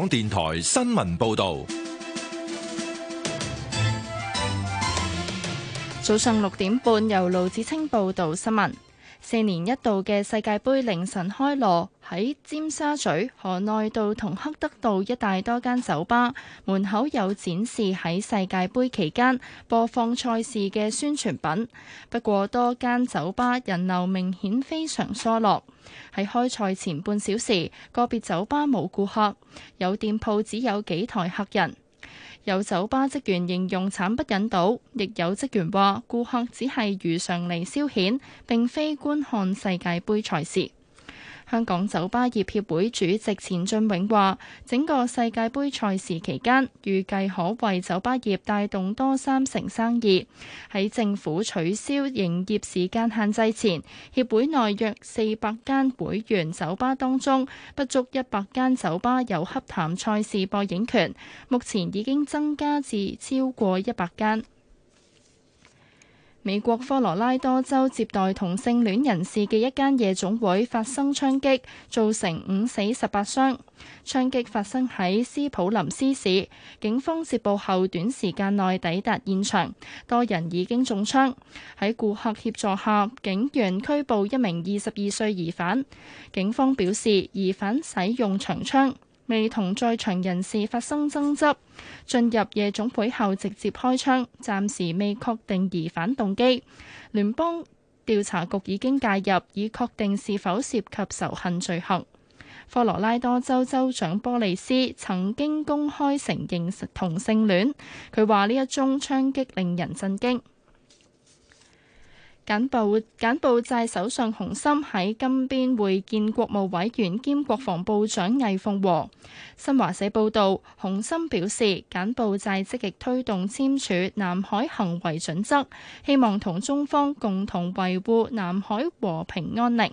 港電台新聞報道，早上六點半由盧子清報道新聞。四年一度嘅世界盃凌晨開鑼。喺尖沙咀河內道同黑德道一帶多間酒吧門口有展示喺世界盃期間播放賽事嘅宣傳品，不過多間酒吧人流明顯非常疏落。喺開賽前半小時，個別酒吧冇顧客，有店鋪只有幾台客人。有酒吧職員形容慘不忍睹，亦有職員話顧客只係如常嚟消遣，並非觀看世界盃賽事。香港酒吧業協會主席錢俊永話：整個世界盃賽事期間，預計可為酒吧業帶動多三成生意。喺政府取消營業時間限制前，協會內約四百間會員酒吧當中，不足一百間酒吧有洽談賽事播映權，目前已經增加至超過一百間。美國科羅拉多州接待同性戀人士嘅一間夜總會發生槍擊，造成五死十八傷。槍擊發生喺斯普林斯市，警方接報後短時間內抵達現場，多人已經中槍。喺顧客協助下，警員拘捕一名二十二歲疑犯。警方表示，疑犯使用長槍。未同在場人士發生爭執，進入夜總會後直接開槍，暫時未確定疑犯動機。聯邦調查局已經介入，以確定是否涉及仇恨罪行。科羅拉多州州長波利斯曾經公開承認同性戀，佢話呢一宗槍擊令人震驚。柬埔寨首相洪森喺金邊會見國務委員兼國防部長魏鳳和。新華社報道，洪森表示，柬埔寨積極推動簽署南海行為準則，希望同中方共同維護南海和平安寧。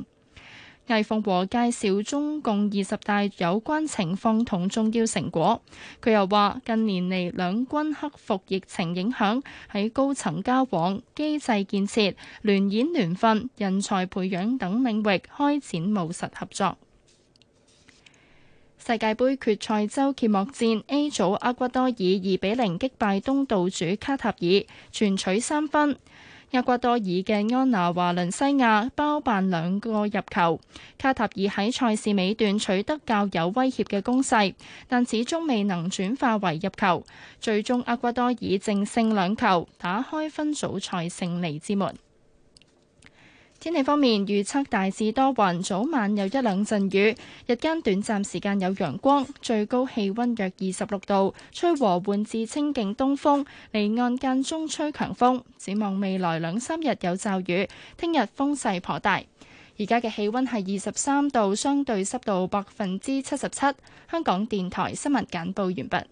魏鳳和介紹中共二十大有關情況同重要成果。佢又話：近年嚟，兩軍克服疫情影響，喺高層交往、機制建設、聯演聯訓、人才培養等領域開展務實合作。世界杯決賽周揭幕戰，A 組厄瓜多爾以二比零擊敗東道主卡塔爾，全取三分。厄瓜多爾嘅安娜華倫西亞包辦兩個入球，卡塔爾喺賽事尾段取得較有威脅嘅攻勢，但始終未能轉化為入球，最終厄瓜多爾淨勝兩球，打開分組賽勝利之門。天氣方面，預測大致多雲，早晚有一兩陣雨，日間短暫時間有陽光，最高氣温約二十六度，吹和緩至清勁東風，離岸間中吹強風。展望未來兩三日有驟雨，聽日風勢頗大。而家嘅氣温係二十三度，相對濕度百分之七十七。香港電台新聞簡報完畢。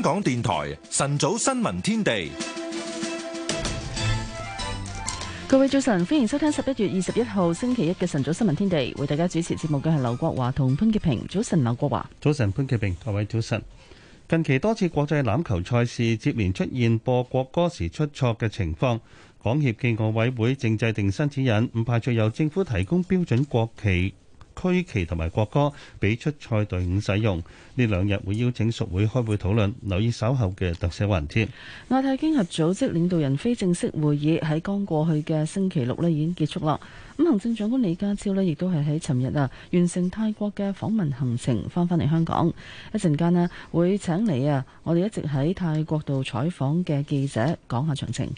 香港電台晨早新聞天地，各位早晨，歡迎收聽十一月二十一號星期一嘅晨早新聞天地，為大家主持節目嘅係劉國華同潘潔平。早晨，劉國華。早晨，潘潔平，各位早晨。近期多次國際欖球賽事接連出現播國歌時出錯嘅情況，港協暨奧委會正制定新指引，唔排除由政府提供標準國旗區旗同埋國歌俾出賽隊伍使用。呢兩日會邀請屬會開會討論。留意稍後嘅特寫環節。亞太經合組織領導人非正式會議喺剛過去嘅星期六咧已經結束啦。咁行政長官李家超咧亦都係喺尋日啊完成泰國嘅訪問行程，翻返嚟香港。一陣間咧會請嚟啊我哋一直喺泰國度採訪嘅記者講下詳情。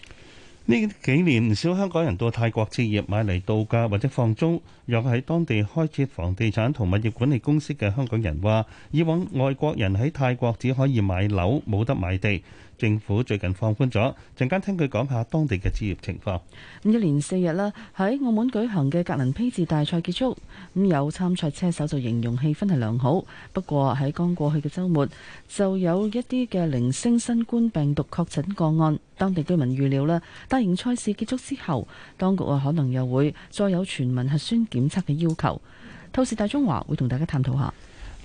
呢幾年唔少香港人到泰國置業買嚟度假或者放租，若喺當地開設房地產同物業管理公司嘅香港人話，以往外國人喺泰國只可以買樓，冇得買地。政府最近放寬咗，陣間聽佢講下當地嘅置業情況。一連四日啦，喺澳門舉行嘅格蘭披治大賽結束，咁有參賽車手就形容氣氛係良好。不過喺剛過去嘅週末，就有一啲嘅零星新冠病毒確診個案。當地居民預料啦，大型賽事結束之後，當局啊可能又會再有全民核酸檢測嘅要求。透視大中華會同大家探討下。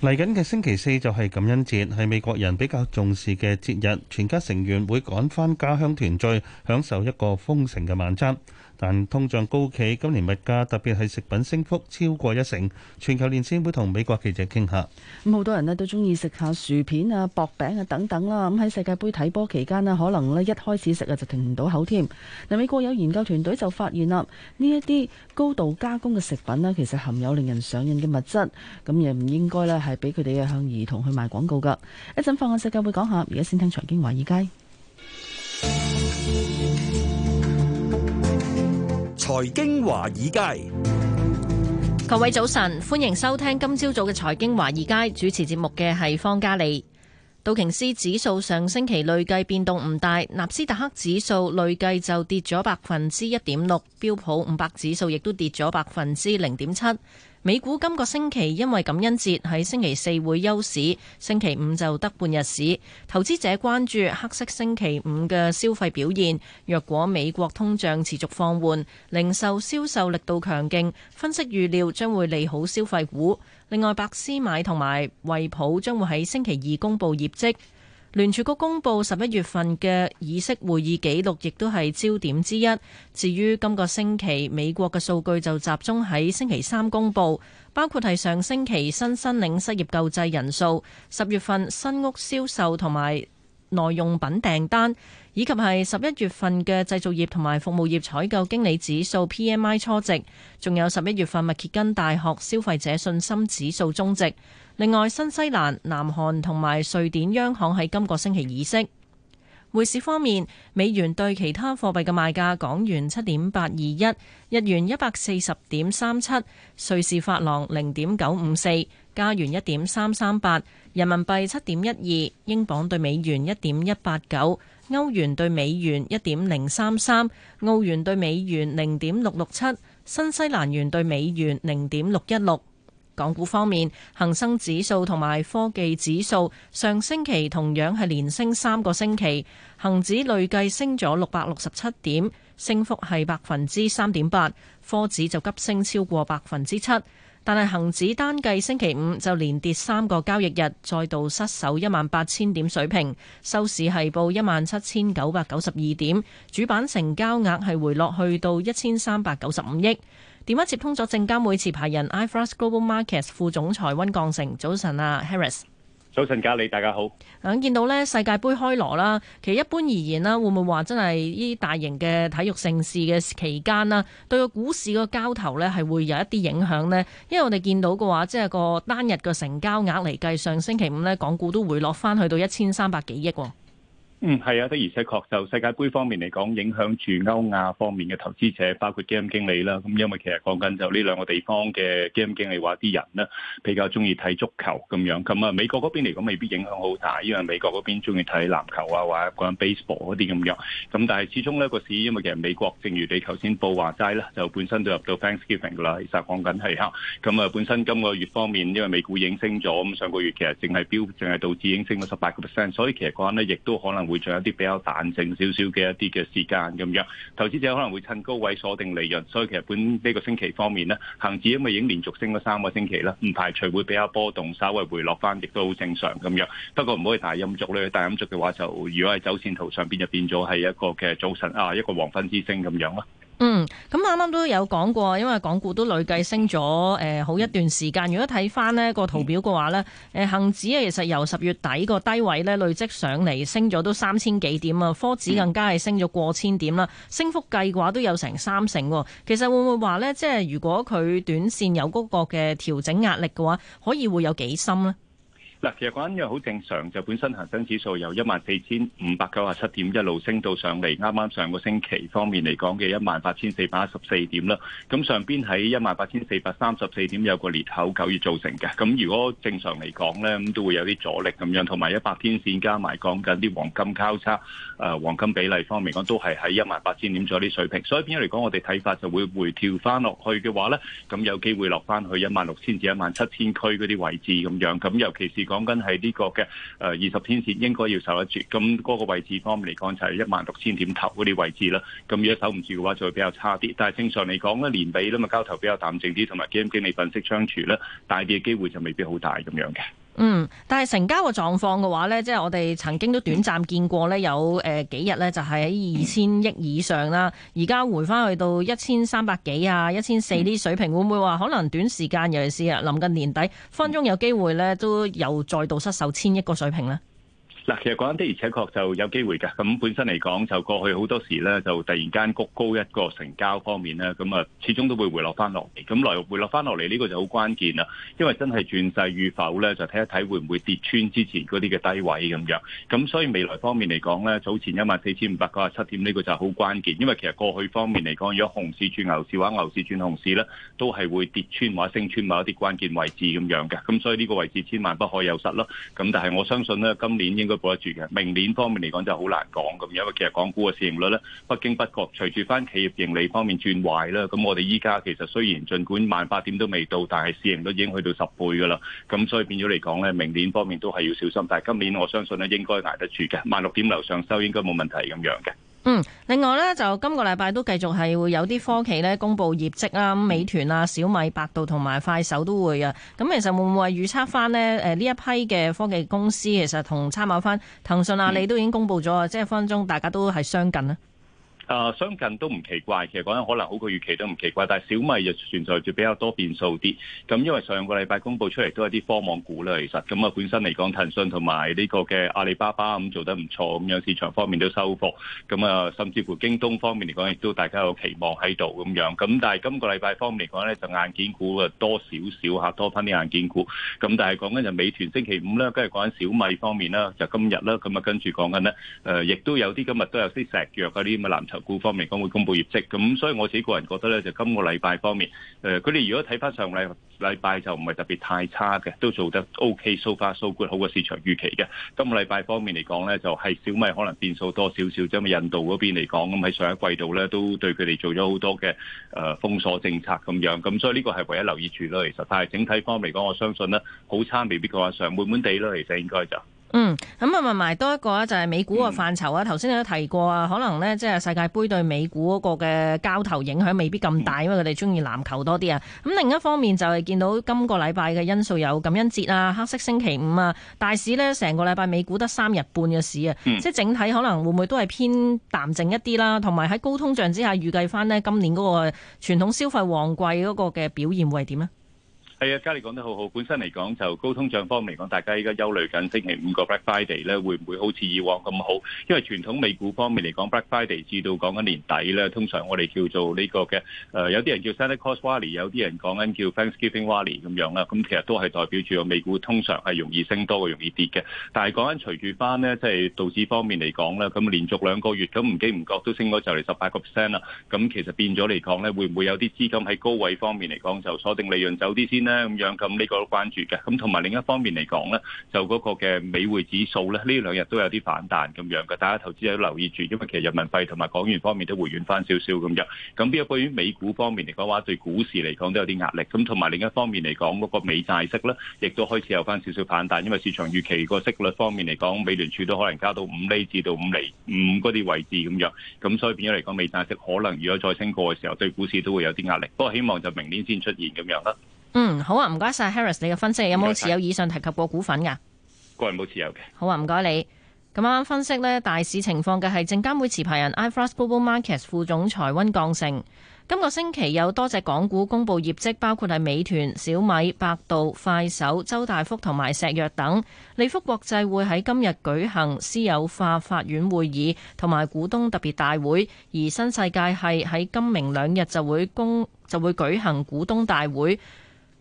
嚟緊嘅星期四就係感恩節，係美國人比較重視嘅節日，全家成員會趕返家鄉團聚，享受一個豐盛嘅晚餐。但通脹高企，今年物價特別係食品升幅超過一成。全球連線會同美國記者傾下。咁好多人呢都中意食下薯片啊、薄餅啊等等啦。咁喺世界盃睇波期間呢，可能呢一開始食啊就停唔到口添。嗱，美國有研究團隊就發現啦，呢一啲高度加工嘅食品呢，其實含有令人上癮嘅物質，咁亦唔應該呢係俾佢哋向兒童去賣廣告㗎。一陣放緊世界盃講下，而家先聽財經華爾街。財經華爾街，各位早晨，歡迎收聽今朝早嘅財經華爾街，主持節目嘅係方嘉莉。道瓊斯指數上星期累計變動唔大，納斯達克指數累計就跌咗百分之一點六，標普五百指數亦都跌咗百分之零點七。美股今個星期因為感恩節喺星期四會休市，星期五就得半日市。投資者關注黑色星期五嘅消費表現。若果美國通脹持續放緩，零售銷售力度強勁，分析預料將會利好消費股。另外，百思買同埋惠普將會喺星期二公佈業績。聯儲局公布十一月份嘅議息會議記錄，亦都係焦點之一。至於今個星期，美國嘅數據就集中喺星期三公布，包括係上星期新申領失業救濟人數、十月份新屋銷售同埋耐用品訂單，以及係十一月份嘅製造業同埋服務業採購經理指數 （PMI） 初值，仲有十一月份密歇根大學消費者信心指數終值。另外，新西蘭、南韓同埋瑞典央行喺今個星期議息。匯市方面，美元對其他貨幣嘅賣價：港元七點八二一，日元一百四十點三七，瑞士法郎零點九五四，加元一點三三八，人民幣七點一二，英鎊對美元一點一八九，歐元對美元一點零三三，澳元對美元零點六六七，新西蘭元對美元零點六一六。港股方面，恒生指數同埋科技指數上星期同樣係連升三個星期，恒指累計升咗六百六十七點，升幅係百分之三點八，科指就急升超過百分之七。但係恒指單計星期五就連跌三個交易日，再度失守一萬八千點水平，收市係報一萬七千九百九十二點，主板成交額係回落去到一千三百九十五億。點解接通咗證監會持牌人 iTrust Global Markets 副總裁溫鋼成？早晨啊，Harris。早晨，嘉里，大家好。咁見到呢世界盃開鑼啦。其實一般而言啦，會唔會話真係呢大型嘅體育盛事嘅期間啦，對個股市個交投呢係會有一啲影響呢？因為我哋見到嘅話，即係個單日嘅成交額嚟計，上星期五呢港股都回落翻去到一千三百幾億。嗯，係啊，的而且確就世界盃方面嚟講，影響住歐亞方面嘅投資者，包括基金經理啦。咁因為其實講緊就呢兩個地方嘅基金經理話啲人呢，比較中意睇足球咁樣。咁啊，美國嗰邊嚟講未必影響好大，因為美國嗰邊中意睇籃球啊，或者講緊 baseball 嗰啲咁樣。咁但係始終呢個市，因為其實美國正如你頭先報話齋啦，就本身就入到 Thanksgiving 啦，其實講緊係嚇。咁啊，本身今個月方面，因為美股已經升咗，咁上個月其實淨係飆，淨係導致已經升咗十八個 percent。所以其實講緊呢亦都可能。會仲有啲比較彈性少少嘅一啲嘅時間咁樣，投資者可能會趁高位鎖定利潤，所以其實本呢個星期方面咧，恒指因為已經連續升咗三個星期啦，唔排除會比較波動，稍微回落返，亦都好正常咁樣。不過唔可以大陰燭咧，大陰燭嘅話就如果喺走線圖上邊就變咗係一個嘅早晨啊，一個黃昏之星咁樣咯。嗯，咁啱啱都有講過，因為港股都累計升咗誒、呃、好一段時間。如果睇翻呢個圖表嘅話呢，誒恆指啊其實由十月底個低位呢累積上嚟，升咗都三千幾點啊，科指更加係升咗過千點啦，升幅計嘅話都有成三成。其實會唔會話呢？即係如果佢短線有嗰個嘅調整壓力嘅話，可以會有幾深呢？嗱，其實講緊因為好正常，就本身恆生指數由一萬四千五百九十七點一路升到上嚟，啱啱上個星期方面嚟講嘅一萬八千四百一十四點啦。咁上邊喺一萬八千四百三十四點有個裂口，九月造成嘅。咁如果正常嚟講咧，咁都會有啲阻力咁樣，同埋一百天線加埋講緊啲黃金交叉，誒黃金比例方面講都係喺一萬八千點左啲水平。所以點解嚟講我哋睇法就會回調翻落去嘅話咧，咁有機會落翻去一萬六千至一萬七千區嗰啲位置咁樣。咁尤其是講緊係呢個嘅誒二十天線應該要守得住，咁嗰個位置方面嚟講就係一萬六千點頭嗰啲位置啦。咁如果守唔住嘅話，就會比較差啲。但係正常嚟講咧，年尾啦嘛，交投比較淡靜啲，同埋基金經理粉飾櫥窗咧，大跌嘅機會就未必好大咁樣嘅。嗯，但係成交個狀況嘅話呢，即係我哋曾經都短暫見過呢，有誒幾日呢就喺二千億以上啦。而家回翻去到一千三百幾啊，一千四啲水平，會唔會話可能短時間，尤其是啊，臨近年底分鐘有機會呢，都又再度失守千億個水平呢？嗱，其實講緊的而且確就有機會㗎。咁本身嚟講，就過去好多時咧，就突然間谷高一個成交方面咧，咁啊，始終都會回落翻落嚟。咁來回落翻落嚟呢個就好關鍵啦。因為真係轉勢與否咧，就睇一睇會唔會跌穿之前嗰啲嘅低位咁樣。咁所以未來方面嚟講咧，早前一萬四千五百九十七點呢個就好關鍵。因為其實過去方面嚟講，如果熊市轉牛市或者牛市轉熊市咧，都係會跌穿或者升穿某一啲關鍵位置咁樣嘅。咁所以呢個位置千萬不可有失咯。咁但係我相信咧，今年應該得住嘅，明年方面嚟講就好難講。咁，因為其實港股嘅市盈率咧，不經不覺，隨住翻企業盈利方面轉壞啦，咁我哋依家其實雖然儘管萬八點都未到，但係市盈率已經去到十倍噶啦，咁所以變咗嚟講咧，明年方面都係要小心，但係今年我相信咧應該捱得住嘅，萬六點樓上收應該冇問題咁樣嘅。嗯，另外咧就今個禮拜都繼續係會有啲科技咧公布業績啦，美團啊、小米、百度同埋快手都會啊。咁其實會唔會預測翻呢？誒，呢一批嘅科技公司其實同參考翻騰訊、阿里都已經公布咗，啊、嗯。即係分分鐘大家都係相近咧。誒相近都唔奇怪，其實講緊可能好過預期都唔奇怪，但係小米就存在住比較多變數啲。咁因為上個禮拜公佈出嚟都係啲科網股啦，其實咁啊本身嚟講騰訊同埋呢個嘅阿里巴巴咁做得唔錯，咁樣市場方面都收復。咁啊甚至乎京東方面嚟講，亦都大家有期望喺度咁樣。咁但係今個禮拜方面嚟講咧，就硬件股啊多少少吓，多翻啲硬件股。咁但係講緊就美團星期五咧，跟住講緊小米方面啦，就今日啦，咁啊跟住講緊咧，誒亦都有啲今日都有啲石藥嗰啲咁嘅藍籌股方面嚟講，會公布業績咁，所以我自己個人覺得咧，就今個禮拜方面，誒，佢哋如果睇翻上禮禮拜就唔係特別太差嘅，都做得 OK，so far so good，好過市場預期嘅。今個禮拜方面嚟講咧，就係小米可能變數多少少，即係印度嗰邊嚟講，咁喺上一季度咧都對佢哋做咗好多嘅誒封鎖政策咁樣，咁所以呢個係唯一留意住咯。其實，但係整體方面嚟講，我相信咧好差未必話上滿滿地咯。其實應該就。嗯，咁啊，問埋多一個咧，就係美股個範疇啊。頭先、嗯、你都提過啊，可能咧即係世界盃對美股嗰個嘅交投影響未必咁大，因為佢哋中意籃球多啲啊。咁另一方面就係、是、見到今個禮拜嘅因素有感恩節啊、黑色星期五啊，大市咧成個禮拜美股得三日半嘅市啊，嗯、即係整體可能會唔會都係偏淡靜一啲啦？同埋喺高通脹之下，預計翻呢今年嗰個傳統消費旺季嗰個嘅表現會係點呢？係啊，嘉利講得好好。本身嚟講，就高通脹方面嚟講，大家依家憂慮緊星期五個 Black Friday 咧，會唔會好似以往咁好？因為傳統美股方面嚟講，Black Friday 至到講緊年底咧，通常我哋叫做呢、這個嘅，誒有啲人叫 Santa Claus rally 有啲人講緊叫 Thanksgiving rally 咁樣啦。咁其實都係代表住個美股通常係容易升多過容易跌嘅。但係講緊隨住翻咧，即係、就是、道指方面嚟講咧，咁連續兩個月咁唔經唔覺都升咗就嚟十八個 percent 啦。咁其實變咗嚟講咧，會唔會有啲資金喺高位方面嚟講就鎖定利潤走啲先？咁樣咁，呢個都關注嘅。咁同埋另一方面嚟講呢，就嗰個嘅美匯指數呢，呢兩日都有啲反彈咁樣嘅，大家投資者都留意住，因為其實人民幣同埋港元方面都回軟翻少少咁樣。咁另一方面，美股方面嚟講話，對股市嚟講都有啲壓力。咁同埋另一方面嚟講，嗰個美債息呢，亦都開始有翻少少反彈，因為市場預期個息率方面嚟講，美聯儲都可能加到五厘至到五厘五嗰啲位置咁樣。咁所以變咗嚟講，美債息可能如果再升過嘅時候，對股市都會有啲壓力。不過希望就明年先出現咁樣啦。嗯，好啊，唔該晒，Harris，你嘅分析有冇持有以上提及過股份㗎？個人冇持有嘅。好啊，唔該你。咁啱啱分析呢，大市情況嘅係證監會持牌人 iFAST Global Markets 副總裁溫鋼成。今個星期有多隻港股公布業績，包括係美團、小米、百度、快手、周大福同埋石藥等。利福國際會喺今日舉行私有化法院會議同埋股東特別大會，而新世界係喺今明兩日就會公就會舉行股東大會。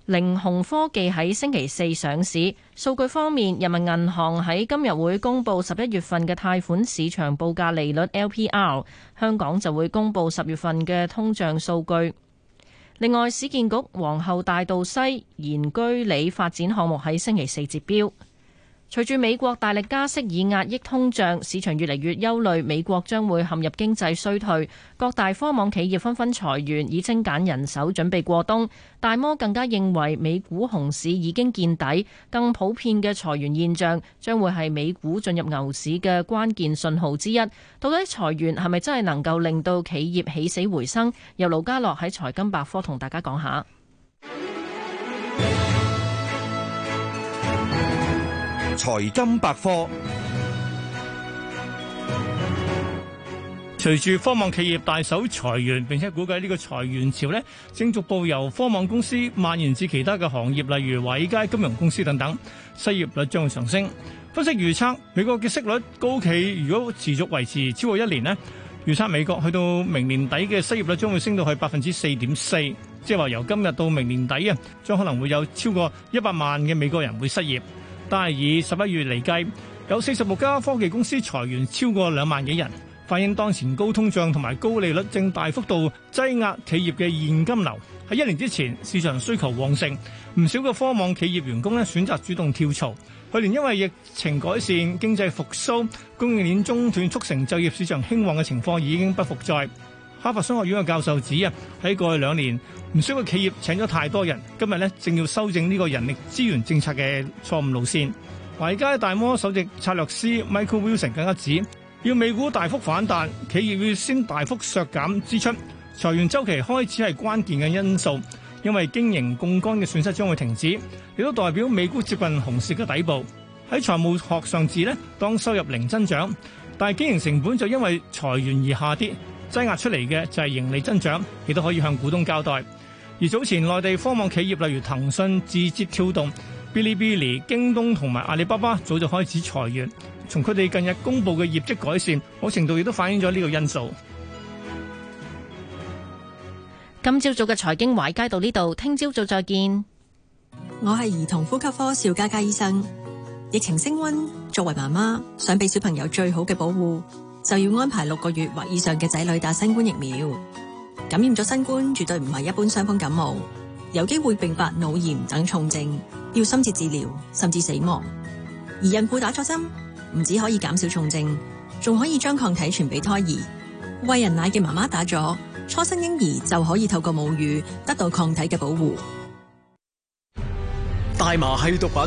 凌鴻科技喺星期四上市。數據方面，人民銀行喺今日會公布十一月份嘅貸款市場報價利率 （LPR），香港就會公布十月份嘅通脹數據。另外，市建局皇后大道西賢居里發展項目喺星期四截標。隨住美國大力加息以壓抑通脹，市場越嚟越憂慮，美國將會陷入經濟衰退。各大科網企業紛紛裁員以精簡人手，準備過冬。大摩更加認為美股熊市已經見底，更普遍嘅裁員現象將會係美股進入牛市嘅關鍵信號之一。到底裁員係咪真係能夠令到企業起死回生？由盧家樂喺財金百科同大家講下。財金百科。隨住科網企業大手裁員，並且估計呢個裁員潮咧，正逐步由科網公司蔓延至其他嘅行業，例如華爾街金融公司等等，失業率將會上升。分析預測，美國嘅息率高企，如果持續維持超過一年咧，預測美國去到明年底嘅失業率將會升到去百分之四點四，即係話由今日到明年底啊，將可能會有超過一百萬嘅美國人會失業。但係以十一月嚟計，有四十六家科技公司裁員超過兩萬幾人，反映當前高通脹同埋高利率正大幅度擠壓企業嘅現金流。喺一年之前，市場需求旺盛，唔少嘅科網企業員工咧選擇主動跳槽。去年因為疫情改善、經濟復甦、供應鏈中斷促成就業市場興旺嘅情況已經不復再。哈佛商學院嘅教授指啊，喺過去兩年唔少嘅企業請咗太多人，今日咧正要修正呢個人力資源政策嘅錯誤路線。華爾街大摩首席策略師 Michael Wilson 更加指，要美股大幅反彈，企業要先大幅削減支出，裁員周期開始係關鍵嘅因素，因為經營槓桿嘅損失將會停止，亦都代表美股接近熊市嘅底部。喺財務學上指咧，當收入零增長，但係經營成本就因為裁員而下跌。擠壓出嚟嘅就係盈利增長，亦都可以向股東交代。而早前內地科網企業例如騰訊、字節跳動、嗶哩嗶哩、京東同埋阿里巴巴，早就開始裁員。從佢哋近日公布嘅業績改善，某程度亦都反映咗呢個因素。今朝早嘅財經懷街到呢度，聽朝早再見。我係兒童呼吸科邵佳佳醫生。疫情升溫，作為媽媽，想俾小朋友最好嘅保護。就要安排六個月或以上嘅仔女打新冠疫苗。感染咗新冠絕對唔係一般傷風感冒，有機會併發腦炎等重症，要深切治療甚至死亡。而孕婦打咗針，唔止可以減少重症，仲可以將抗體傳俾胎兒。喂人奶嘅媽媽打咗，初生嬰兒就可以透過母乳得到抗體嘅保護。大麻係毒品，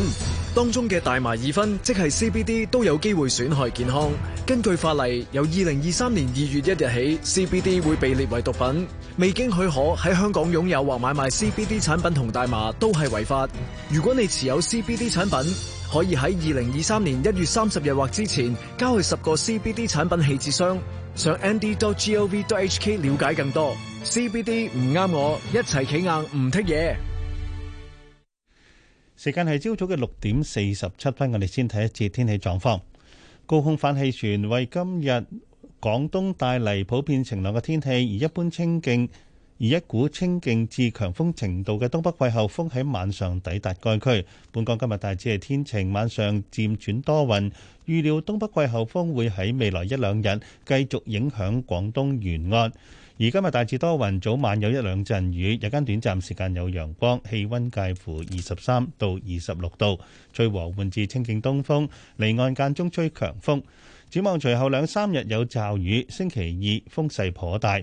當中嘅大麻二酚即係 CBD 都有機會損害健康。根據法例，由二零二三年二月一日起，CBD 會被列為毒品。未經許可喺香港擁有或買賣 CBD 產品同大麻都係違法。如果你持有 CBD 產品，可以喺二零二三年一月三十日或之前交去十個 CBD 產品棄置箱。上 nd.gov.hk 了解更多。CBD 唔啱我，一齊企硬唔剔嘢。時間係朝早嘅六點四十七分，我哋先睇一次天氣狀況。高空反氣旋為今日廣東帶嚟普遍晴朗嘅天氣，而一般清勁，而一股清勁至強風程度嘅東北季候風喺晚上抵達該區。本港今日大致係天晴，晚上漸轉多雲。預料東北季候風會喺未來一兩日繼續影響廣東沿岸。而今日大致多雲，早晚有一兩陣雨，日間短暫時間有陽光，氣溫介乎二十三到二十六度，吹和緩至清勁東風，離岸間中吹強風。展望隨後兩三日有驟雨，星期二風勢頗大。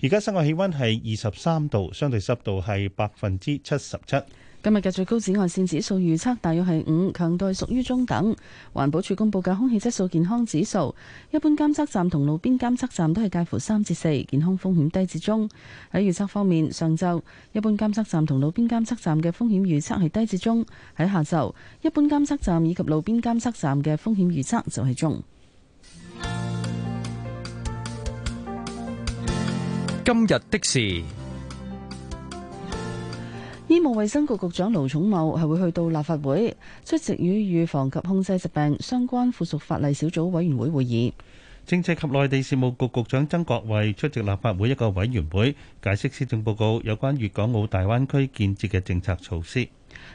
而家室外氣溫係二十三度，相對濕度係百分之七十七。今日嘅最高紫外線指數預測大約係五，強度屬於中等。環保署公布嘅空氣質素健康指數，一般監測站同路邊監測站都係介乎三至四，健康風險低至中。喺預測方面，上晝一般監測站同路邊監測站嘅風險預測係低至中；喺下晝，一般監測站以及路邊監測站嘅風險預測就係中。今日的事。醫務衛生局局長盧寵茂係會去到立法會出席，與預防及控制疾病相關附屬法例小組委員會會議。政制及內地事務局局長曾國衛出席立法會一個委員會，解釋施政報告有關粵港澳大灣區建設嘅政策措施。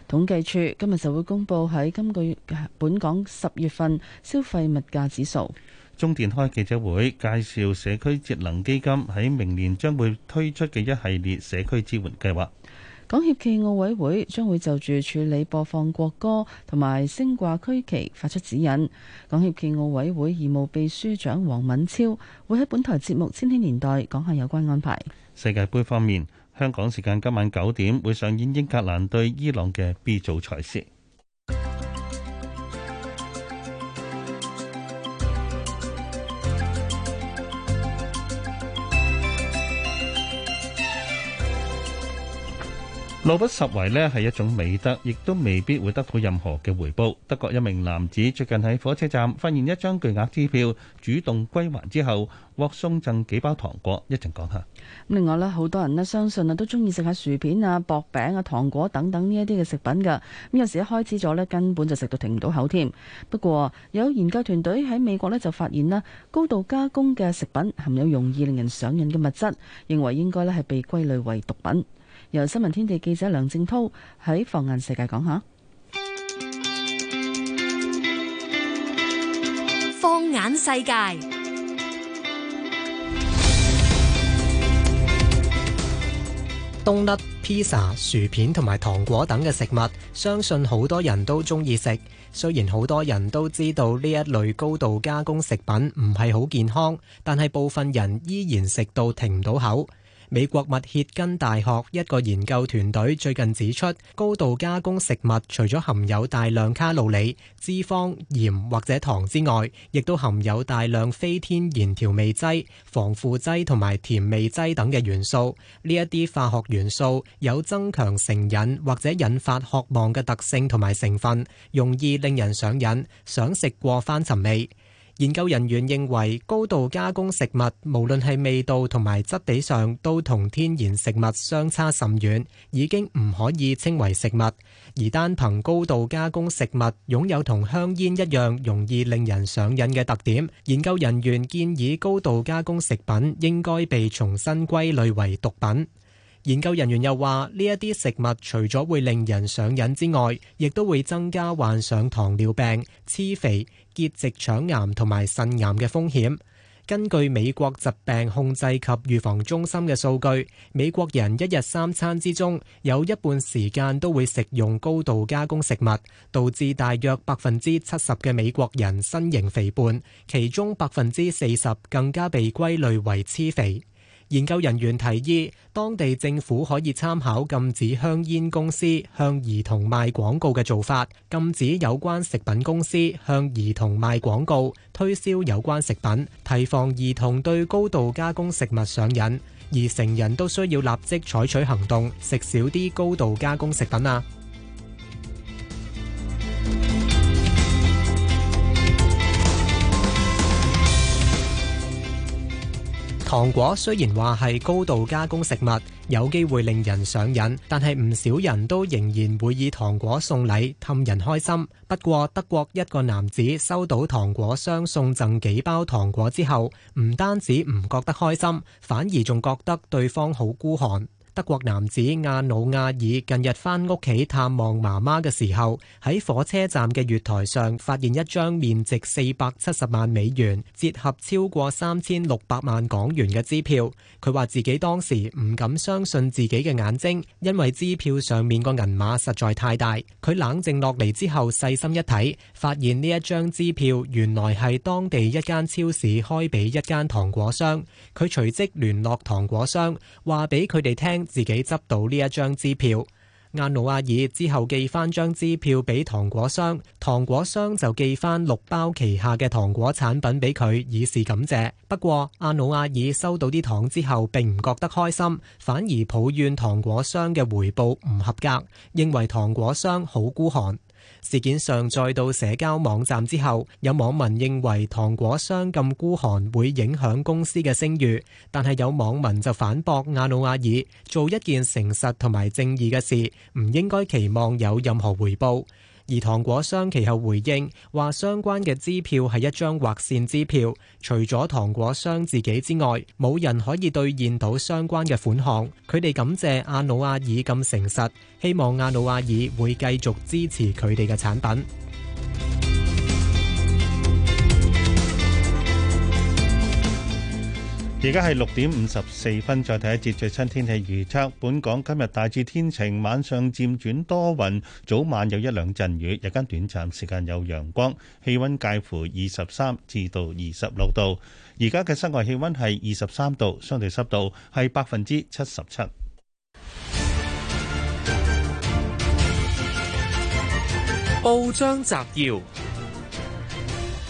統計處今日就會公布喺今個月本港十月份消費物價指數。中電開記者會介紹社區節能基金喺明年將會推出嘅一系列社區支援計劃。港協暨奧委會將會就住處理播放國歌同埋升掛區旗發出指引。港協暨奧委會義務秘書長黃敏超會喺本台節目《千禧年代》講下有關安排。世界盃方面，香港時間今晚九點會上演英格蘭對伊朗嘅 B 組賽事。路不拾遺咧，係一種美德，亦都未必會得到任何嘅回報。德國一名男子最近喺火車站發現一張巨額支票，主動歸還之後，獲送贈幾包糖果。一陣講下。另外呢，好多人咧，相信啊，都中意食下薯片啊、薄餅啊、糖果等等呢一啲嘅食品噶。咁有時一開始咗呢，根本就食到停唔到口添。不過有研究團隊喺美國呢就發現咧，高度加工嘅食品含有容易令人上癮嘅物質，認為應該咧係被歸類為毒品。由新聞天地記者梁正濤喺放眼世界講下。放眼世界，冬甩披薩、薯片同埋糖果等嘅食物，相信好多人都中意食。雖然好多人都知道呢一類高度加工食品唔係好健康，但係部分人依然食到停唔到口。美國密歇根大學一個研究團隊最近指出，高度加工食物除咗含有大量卡路里、脂肪、鹽或者糖之外，亦都含有大量非天然調味劑、防腐劑同埋甜味劑等嘅元素。呢一啲化學元素有增強成癮或者引發渴望嘅特性同埋成分，容易令人上癮，想食過翻尋味。研究人員認為，高度加工食物無論係味道同埋質地上，都同天然食物相差甚遠，已經唔可以稱為食物。而單憑高度加工食物擁有同香煙一樣容易令人上癮嘅特點，研究人員建議高度加工食品應該被重新歸類為毒品。研究人員又話，呢一啲食物除咗會令人上癮之外，亦都會增加患上糖尿病、癡肥、結直腸癌同埋腎癌嘅風險。根據美國疾病控制及預防中心嘅數據，美國人一日三餐之中有一半時間都會食用高度加工食物，導致大約百分之七十嘅美國人身形肥胖，其中百分之四十更加被歸類為癡肥。研究人員提議，當地政府可以參考禁止香煙公司向兒童賣廣告嘅做法，禁止有關食品公司向兒童賣廣告、推銷有關食品，提防兒童對高度加工食物上癮，而成人都需要立即採取行動，食少啲高度加工食品啊。糖果雖然話係高度加工食物，有機會令人上癮，但係唔少人都仍然會以糖果送禮氹人開心。不過，德國一個男子收到糖果箱送贈幾包糖果之後，唔單止唔覺得開心，反而仲覺得對方好孤寒。德國男子亞努阿爾近日返屋企探望媽媽嘅時候，喺火車站嘅月台上發現一張面值四百七十萬美元、折合超過三千六百萬港元嘅支票。佢話自己當時唔敢相信自己嘅眼睛，因為支票上面個銀碼實在太大。佢冷靜落嚟之後，細心一睇，發現呢一張支票原來係當地一間超市開俾一間糖果商。佢隨即聯絡糖果商，話俾佢哋聽自己執到呢一張支票，阿努阿爾之後寄翻張支票俾糖果商，糖果商就寄翻六包旗下嘅糖果產品俾佢，以示感謝。不過阿努阿爾收到啲糖之後，並唔覺得開心，反而抱怨糖果商嘅回報唔合格，認為糖果商好孤寒。事件上載到社交網站之後，有網民認為糖果商咁孤寒會影響公司嘅聲譽，但係有網民就反駁阿努亞爾做一件誠實同埋正義嘅事，唔應該期望有任何回報。而糖果商其後回應話：相關嘅支票係一張劃線支票，除咗糖果商自己之外，冇人可以兌現到相關嘅款項。佢哋感謝阿努阿爾咁誠實，希望阿努阿爾會繼續支持佢哋嘅產品。而家係六點五十四分，再睇一節最新天氣預測。本港今日大致天晴，晚上漸轉多雲，早晚有一兩陣雨，日間短暫時間有陽光，氣溫介乎二十三至到二十六度。而家嘅室外氣溫係二十三度，相對濕度係百分之七十七。報章摘要，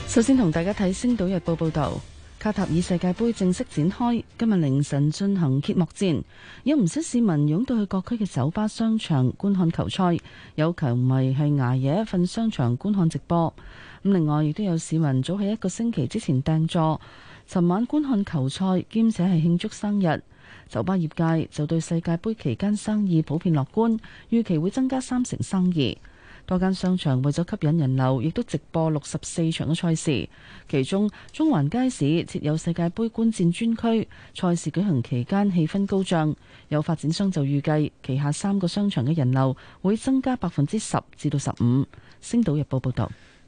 首先同大家睇《星島日報》報道。卡塔爾世界杯正式展開，今日凌晨進行揭幕戰。有唔少市民湧到去各區嘅酒吧、商場觀看球賽，有球迷係挨夜瞓商場觀看直播。另外亦都有市民早喺一個星期之前訂座，尋晚觀看球賽，兼且係慶祝生日。酒吧業界就對世界杯期間生意普遍樂觀，預期會增加三成生意。多間商場為咗吸引人流，亦都直播六十四場嘅賽事。其中，中環街市設有世界盃觀戰專區，賽事舉行期間氣氛高漲。有發展商就預計，旗下三個商場嘅人流會增加百分之十至到十五。星島日報報導。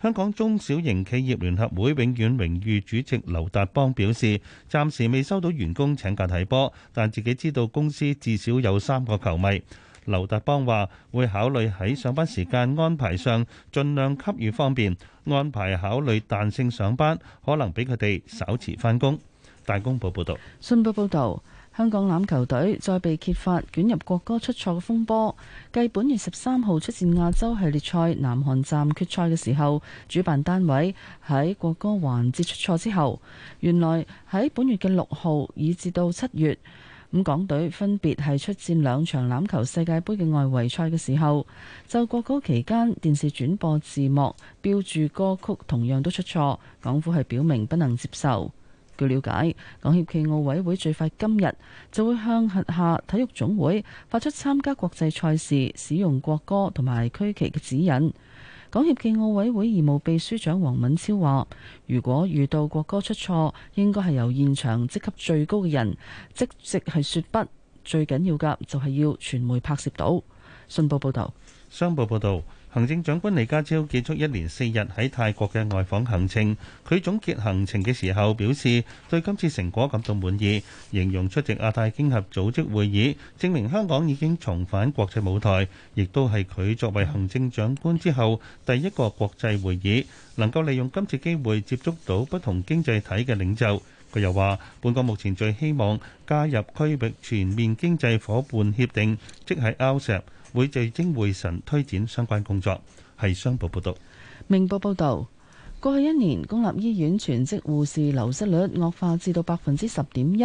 香港中小型企業聯合會永遠榮譽主席劉達邦表示，暫時未收到員工請假睇波，但自己知道公司至少有三個球迷。劉達邦話會考慮喺上班時間安排上，盡量給予方便，安排考慮彈性上班，可能俾佢哋稍遲返工。大公報報道。信報報導。香港欖球隊再被揭發捲入國歌出錯嘅風波，繼本月十三號出戰亞洲系列賽南韓站決賽嘅時候，主辦單位喺國歌環節出錯之後，原來喺本月嘅六號以至到七月，咁港隊分別係出戰兩場欖球世界盃嘅外圍賽嘅時候，就國歌期間電視轉播字幕標注歌曲同樣都出錯，港府係表明不能接受。據了解，港協暨奧委會最快今日就會向轄下體育總會發出參加國際賽事使用國歌同埋區旗嘅指引。港協暨奧委會義務秘書長黃敏超話，如果遇到國歌出錯，應該係由現場職級最高嘅人即席係說不。最緊要嘅就係要傳媒拍攝到。信報報道，商報報道。行政長官李家超結束一連四日喺泰國嘅外訪行程，佢總結行程嘅時候表示，對今次成果感到滿意，形容出席亞太經合組織會議，證明香港已經重返國際舞台，亦都係佢作為行政長官之後第一個國際會議，能夠利用今次機會接觸到不同經濟體嘅領袖。佢又話，本港目前最希望加入區域全面經濟夥伴協定，即係 RCEP。會聚精會神推展相關工作。係。商報報道，明報報道，過去一年公立醫院全職護士流失率惡化至到百分之十點一。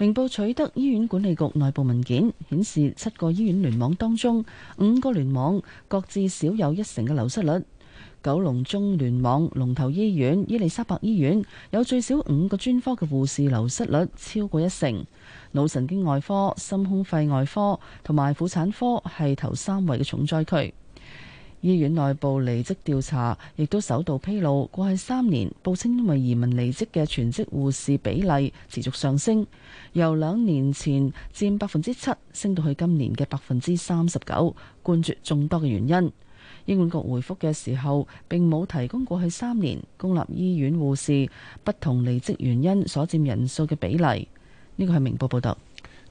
明報取得醫院管理局內部文件，顯示七個醫院聯網當中，五個聯網各至少有一成嘅流失率。九龍中聯網龍頭醫院伊利沙伯醫院有最少五個專科嘅護士流失率超過一成。腦神經外科、心胸肺外科同埋婦產科係頭三位嘅重災區。醫院內部離職調查亦都首度披露，過去三年報稱，因為移民離職嘅全職護士比例持續上升，由兩年前佔百分之七升到去今年嘅百分之三十九，冠絕眾多嘅原因。醫管局回覆嘅時候，並冇提供過去三年公立醫院護士不同離職原因所佔人數嘅比例。呢個係明報報導，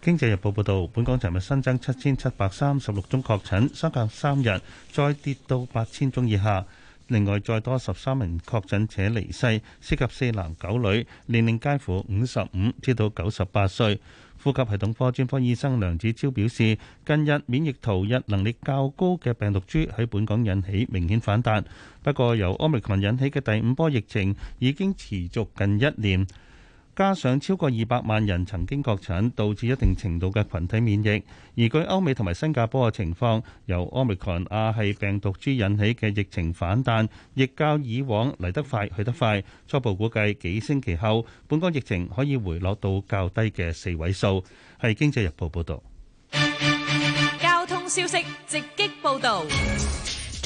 《經濟日報》報導，本港尋日新增七千七百三十六宗確診，相隔三日再跌到八千宗以下。另外，再多十三名確診者離世，涉及四男九女，年齡介乎五十五至到九十八歲。呼吸系統科專科醫生梁子超表示，近日免疫逃逸能力較高嘅病毒株喺本港引起明顯反彈。不過，由 Omicron 引起嘅第五波疫情已經持續近一年。加上超過二百萬人曾經確診，導致一定程度嘅群體免疫。而據歐美同埋新加坡嘅情況，由 Omicron 亞、啊、型病毒株引起嘅疫情反彈，亦較以往嚟得快去得快。初步估計幾星期後，本港疫情可以回落到較低嘅四位數。係《經濟日報》報道。交通消息直擊報導。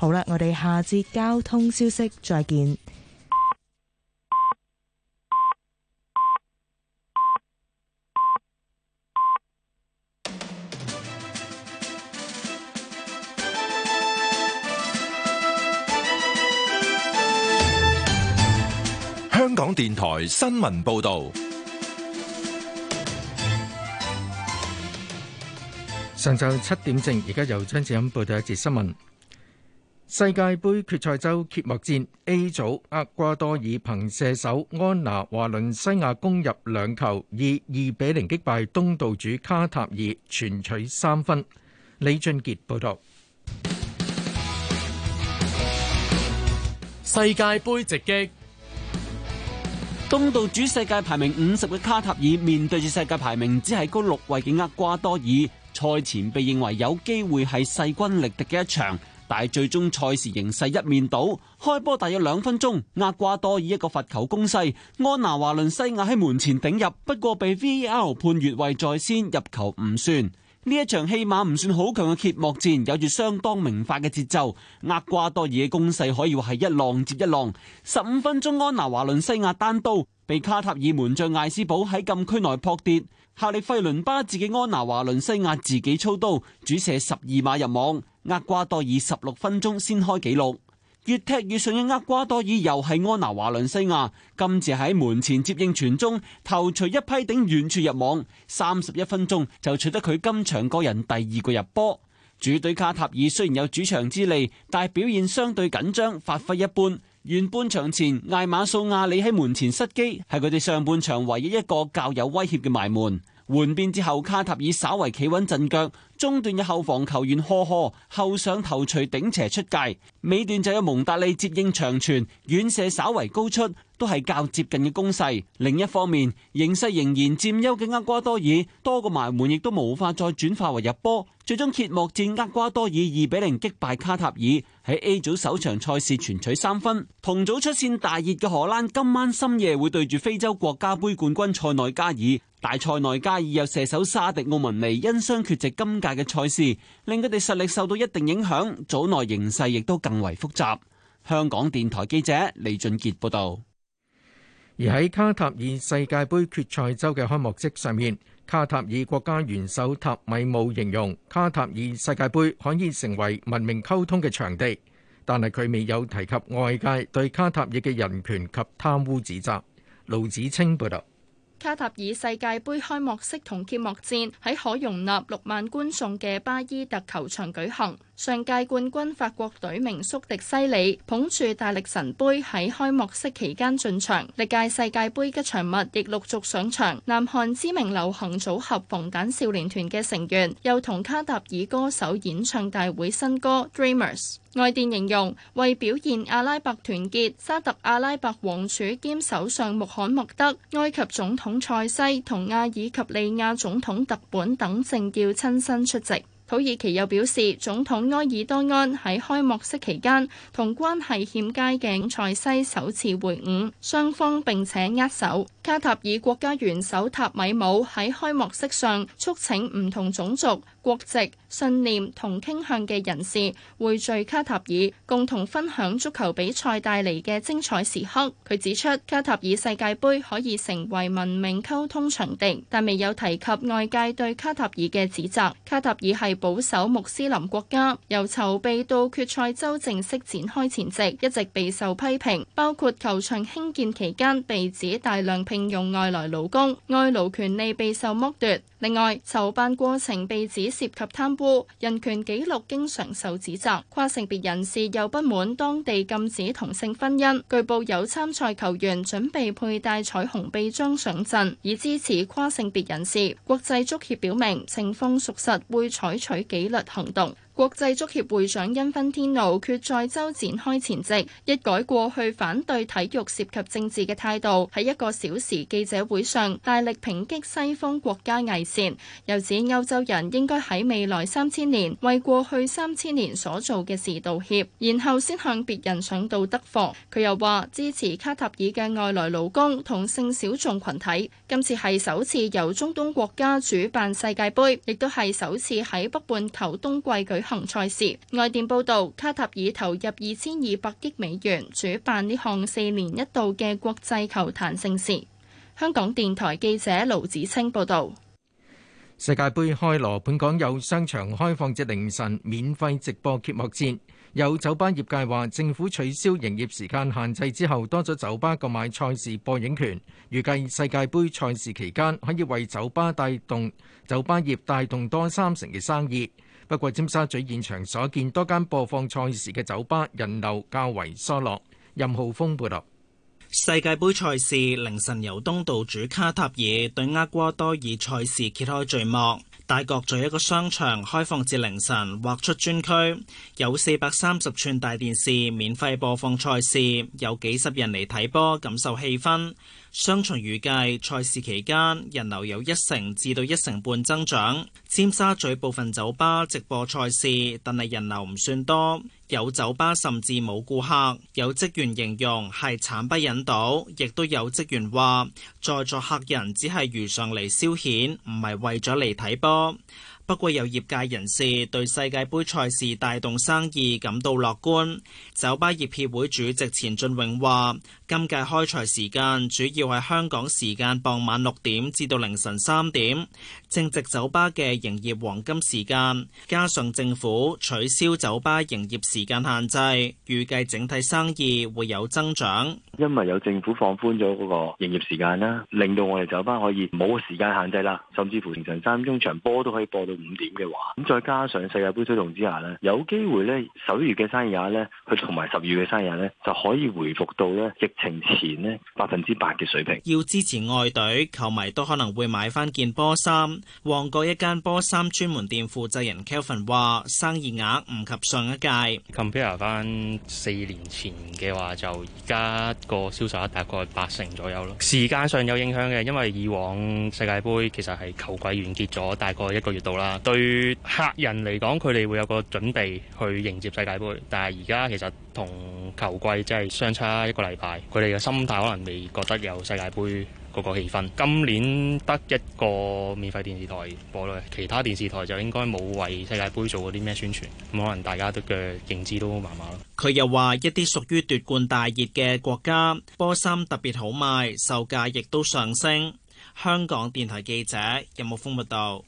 好啦，我哋下節交通消息再見。香港電台新聞報道，上晝七點正，而家由張志欣報道一節新聞。世界杯決賽周揭幕戰 A 組厄瓜多爾憑射手安娜華倫西亞攻入兩球以，以二比零擊敗東道主卡塔爾，全取三分。李俊杰報道。世界杯直擊，東道主世界排名五十嘅卡塔爾面對住世界排名只係高六位嘅厄瓜多爾，賽前被認為有機會係勢均力敵嘅一場。但係最終賽事形勢一面倒，開波大約兩分鐘，厄瓜多爾一個罰球攻勢，安拿華倫西亞喺門前頂入，不過被 V L 判越位在先，入球唔算。呢一場戲碼唔算好強嘅揭幕戰，有住相當明快嘅節奏，厄瓜多爾嘅攻勢可以話係一浪接一浪。十五分鐘安娜，安拿華倫西亞單刀被卡塔爾門將艾斯堡喺禁區內撲跌。效力費倫巴自己，安娜華倫西亞自己操刀主射十二碼入網。厄瓜多爾十六分鐘先開紀錄，越踢越順嘅厄瓜多爾，又係安娜華倫西亞，今次喺門前接應傳中頭錘一批頂遠處入網，三十一分鐘就取得佢今場個人第二個入波。主隊卡塔爾雖然有主場之利，但係表現相對緊張，發揮一般。完半場前，艾馬素亞里喺門前失機，係佢哋上半場唯一一個較有威脅嘅埋門。換邊之後，卡塔爾稍為企穩陣腳，中段有後防球員呵呵後上頭錘頂斜出界，尾段就有蒙達利接應長傳遠射，稍為高出都係較接近嘅攻勢。另一方面，形勢仍然佔優嘅厄瓜多爾多個埋門，亦都無法再轉化為入波，最終揭幕戰厄瓜多爾二比零擊敗卡塔爾，喺 A 組首場賽事全取三分。同組出線大熱嘅荷蘭今晚深夜會對住非洲國家杯冠軍塞內加爾。大賽內加爾有射手沙迪奧文尼因傷缺席今屆嘅賽事，令佢哋實力受到一定影響。組內形勢亦都更為複雜。香港電台記者李俊傑報導。而喺卡塔爾世界盃決賽周嘅開幕式上面，卡塔爾國家元首塔米姆形容卡塔爾世界盃可以成為文明溝通嘅場地，但係佢未有提及外界對卡塔爾嘅人權及貪污指責。盧子清報導。卡塔爾世界盃開幕式同揭幕戰喺可容納六萬觀眾嘅巴伊特球場舉行。上屆冠軍法國隊名宿迪西里捧住大力神杯喺開幕式期間進場，歷屆世界盃嘅吉祥物亦陸續上場。南韓知名流行組合防彈少年團嘅成員又同卡塔爾歌手演唱大會新歌《Dreamers》。外電形容為表現阿拉伯團結，沙特阿拉伯王儲兼首相穆罕默德、埃及總統塞西同阿爾及利亞總統特本等政要親身出席。土耳其又表示，總統埃爾多安喺開幕式期間同關係欠佳嘅塞西首次會晤，雙方並且握手。卡塔爾國家元首塔米姆喺開幕式上促請唔同種族、國籍、信念同傾向嘅人士匯聚卡塔爾，共同分享足球比賽帶嚟嘅精彩時刻。佢指出，卡塔爾世界盃可以成為文明溝通場地，但未有提及外界對卡塔爾嘅指責。卡塔爾係保守穆斯林國家，由籌備到決賽周正式展開前夕，一直備受批評，包括球場興建期間被指大量聘用外來勞工，外勞權利備受剝奪。另外，籌辦過程被指涉及貪污，人權紀錄經常受指責。跨性別人士又不滿當地禁止同性婚姻，據報有參賽球員準備佩戴彩虹臂章上陣，以支持跨性別人士。國際足協表明，情況屬實，會採取紀律行動。國際足協會長因芬天奴，決賽周展開前夕，一改過去反對體育涉及政治嘅態度。喺一個小時記者會上，大力抨擊西方國家偽善，又指歐洲人應該喺未來三千年為過去三千年所做嘅事道歉，然後先向別人上道德課。佢又話支持卡塔爾嘅外來勞工同性小眾群體。今次係首次由中東國家主辦世界杯，亦都係首次喺北半球冬季舉行。同賽事，外電報道，卡塔爾投入二千二百億美元主辦呢項四年一度嘅國際球壇盛事。香港電台記者盧子清報道。世界盃開鑼，本港有商場開放至凌晨免費直播揭幕戰。有酒吧業界話，政府取消營業時間限制之後，多咗酒吧購買賽事播映權，預計世界盃賽事期間可以為酒吧帶動酒吧業帶動多三成嘅生意。不過，尖沙咀現場所見多間播放賽事嘅酒吧人流較為疏落。任浩峰報導。世界盃賽事凌晨由東道主卡塔爾對厄瓜多爾賽事揭開序幕。大角咀一個商場開放至凌晨，劃出專區，有四百三十寸大電視免費播放賽事，有幾十人嚟睇波，感受氣氛。商場預計賽事期間人流有一成至到一成半增長。尖沙咀部分酒吧直播賽事，但係人流唔算多。有酒吧甚至冇顧客，有職員形容係慘不忍睹，亦都有職員話在座客人只係如常嚟消遣，唔係為咗嚟睇波。不過有業界人士對世界盃賽事帶動生意感到樂觀，酒吧業協會主席錢俊永話。今屆開賽時間主要係香港時間傍晚六點至到凌晨三點，正值酒吧嘅營業黃金時間，加上政府取消酒吧營業時間限制，預計整體生意會有增長。因為有政府放寬咗嗰個營業時間啦，令到我哋酒吧可以冇時間限制啦，甚至乎凌晨三點鐘場波都可以播到五點嘅話，咁再加上世界盃推動之下呢，有機會呢首月嘅生意呢，佢同埋十月嘅生意呢，就可以回復到呢。平前呢，百分之百嘅水平。要支持外隊，球迷都可能會買翻件波衫。旺角一間波衫專門店負責人 Kelvin 話：生意額唔及上一屆。Compare 翻四年前嘅話，就而家個銷售額大概八成左右咯。時間上有影響嘅，因為以往世界盃其實係球季完結咗大概一個月度啦。對客人嚟講，佢哋會有個準備去迎接世界盃，但係而家其實同球季即係相差一個禮拜。佢哋嘅心態可能未覺得有世界盃嗰個氣氛。今年得一個免費電視台播咧，其他電視台就應該冇為世界盃做過啲咩宣傳。咁可能大家都嘅認知都麻麻咯。佢又話：一啲屬於奪冠大熱嘅國家，波衫特別好賣，售價亦都上升。香港電台記者任木峰報道。有有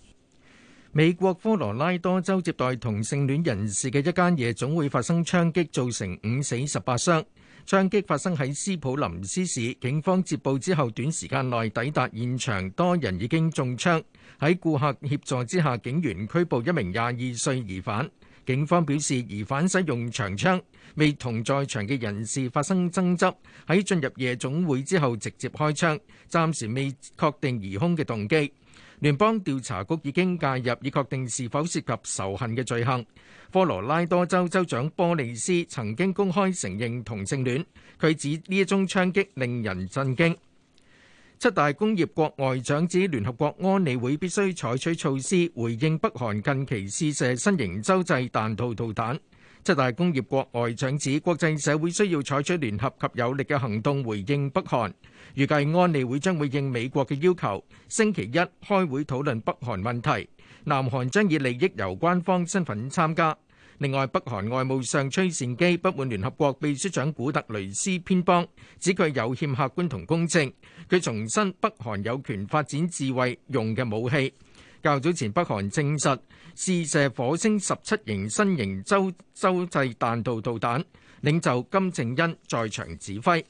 美國科羅拉多州接待同性戀人士嘅一間夜總會發生槍擊，造成五死十八傷。槍擊發生喺斯普林斯市，警方接報之後短時間內抵達現場，多人已經中槍。喺顧客協助之下，警員拘捕一名廿二歲疑犯。警方表示，疑犯使用長槍，未同在場嘅人士發生爭執。喺進入夜總會之後，直接開槍。暫時未確定疑兇嘅動機。聯邦調查局已經介入，以確定是否涉及仇恨嘅罪行。科羅拉多州州長波利斯曾經公開承認同性戀。佢指呢一宗槍擊令人震驚。七大工業國外長指聯合國安理會必須採取措施回應北韓近期試射新型洲際彈道導彈。七大工業國外長指國際社會需要採取聯合及有力嘅行動回應北韓。預計安理會將會應美國嘅要求，星期一開會討論北韓問題。南韓將以利益由官方身份參加。另外，北韓外務相崔善基不滿聯合國秘書長古特雷斯偏幫，指佢有欠客觀同公正。佢重申北韓有權發展智慧用嘅武器。較早前，北韓證實試射火星十七型新型洲洲際彈道導彈，領袖金正恩在場指揮。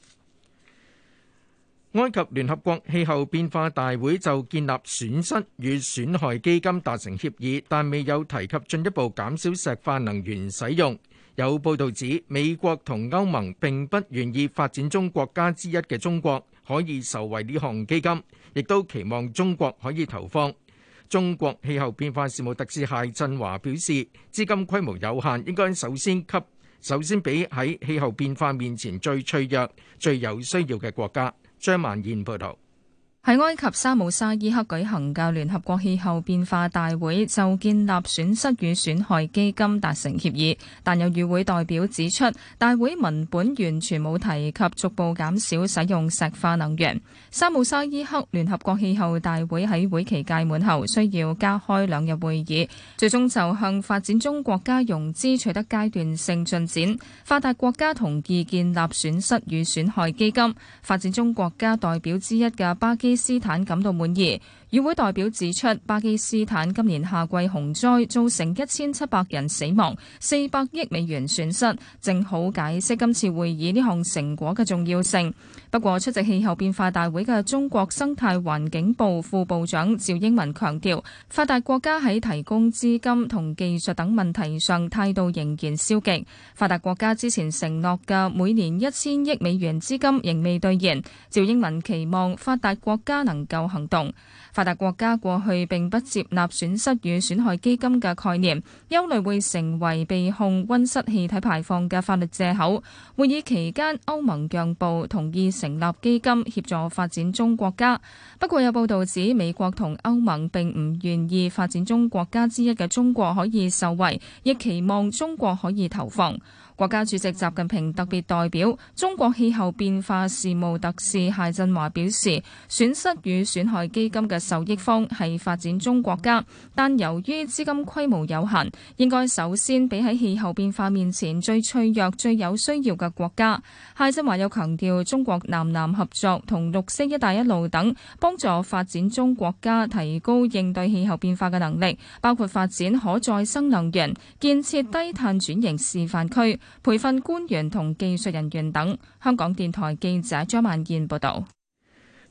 埃及聯合國氣候變化大會就建立損失與損害基金達成協議，但未有提及進一步減少石化能源使用。有報道指美國同歐盟並不願意發展中國家之一嘅中國可以受惠呢項基金，亦都期望中國可以投放。中國氣候變化事務特使解振華表示，資金規模有限，應該首先給首先俾喺氣候變化面前最脆弱、最有需要嘅國家。張曼燕報道。喺埃及沙姆沙伊克舉行嘅聯合國氣候變化大會就建立損失與損害基金達成協議，但有與會代表指出，大會文本完全冇提及逐步減少使用石化能源。沙姆沙伊克聯合國氣候大會喺會期屆滿後需要加開兩日會議，最終就向發展中國家融資取得階段性進展。發達國家同意建立損失與損害基金，發展中國家代表之一嘅巴基。斯坦感到滿意。與會代表指出，巴基斯坦今年夏季洪災造成一千七百人死亡、四百億美元損失，正好解釋今次會議呢項成果嘅重要性。不過，出席氣候變化大會嘅中國生態環境部副部長趙英民強調，發達國家喺提供資金同技術等問題上態度仍然消極。發達國家之前承諾嘅每年一千億美元資金仍未兌現。趙英民期望發達國家能夠行動。發達國家過去並不接納損失與損害基金嘅概念，憂慮會成為被控温室氣體排放嘅法律藉口。會議期間，歐盟讓步同意成立基金協助發展中國家，不過有報道指美國同歐盟並唔願意發展中國家之一嘅中國可以受惠，亦期望中國可以投放。國家主席習近平特別代表、中國氣候變化事務特使解振華表示，損失與損害基金嘅受益方係發展中國家，但由於資金規模有限，應該首先畀喺氣候變化面前最脆弱、最有需要嘅國家。解振華又強調，中國南南合作同綠色「一帶一路」等，幫助發展中國家提高應對氣候變化嘅能力，包括發展可再生能源、建設低碳轉型示範區。培訓官員同技術人員等。香港電台記者張萬燕報道。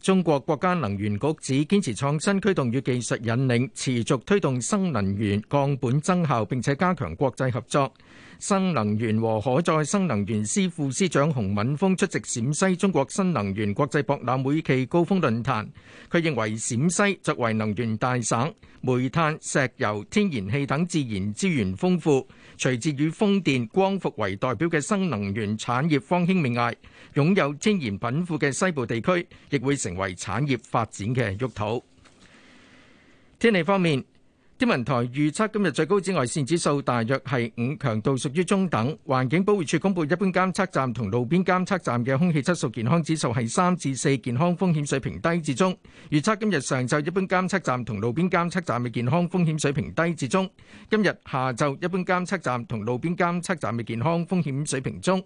中國國家能源局指堅持創新驅動與技術引領，持續推動新能源降本增效，並且加強國際合作。新能源和可再生能源司副司長洪敏峰出席陝西中國新能源國際博覽會暨高峰論壇。佢認為陝西作為能源大省，煤炭、石油、天然氣等自然資源豐富。隨着以風電、光伏為代表嘅新能源產業方興未艾，擁有天然稟賦嘅西部地區，亦會成為產業發展嘅沃土。天氣方面。天文台預測今日最高紫外線指數大約係五，強度屬於中等。環境保護署公布一般監測站同路邊監測站嘅空氣質素健康指數係三至四，健康風險水平低至中。預測今日上晝一般監測站同路邊監測站嘅健康風險水平低至中。今日下晝一般監測站同路邊監測站嘅健康風險水平中。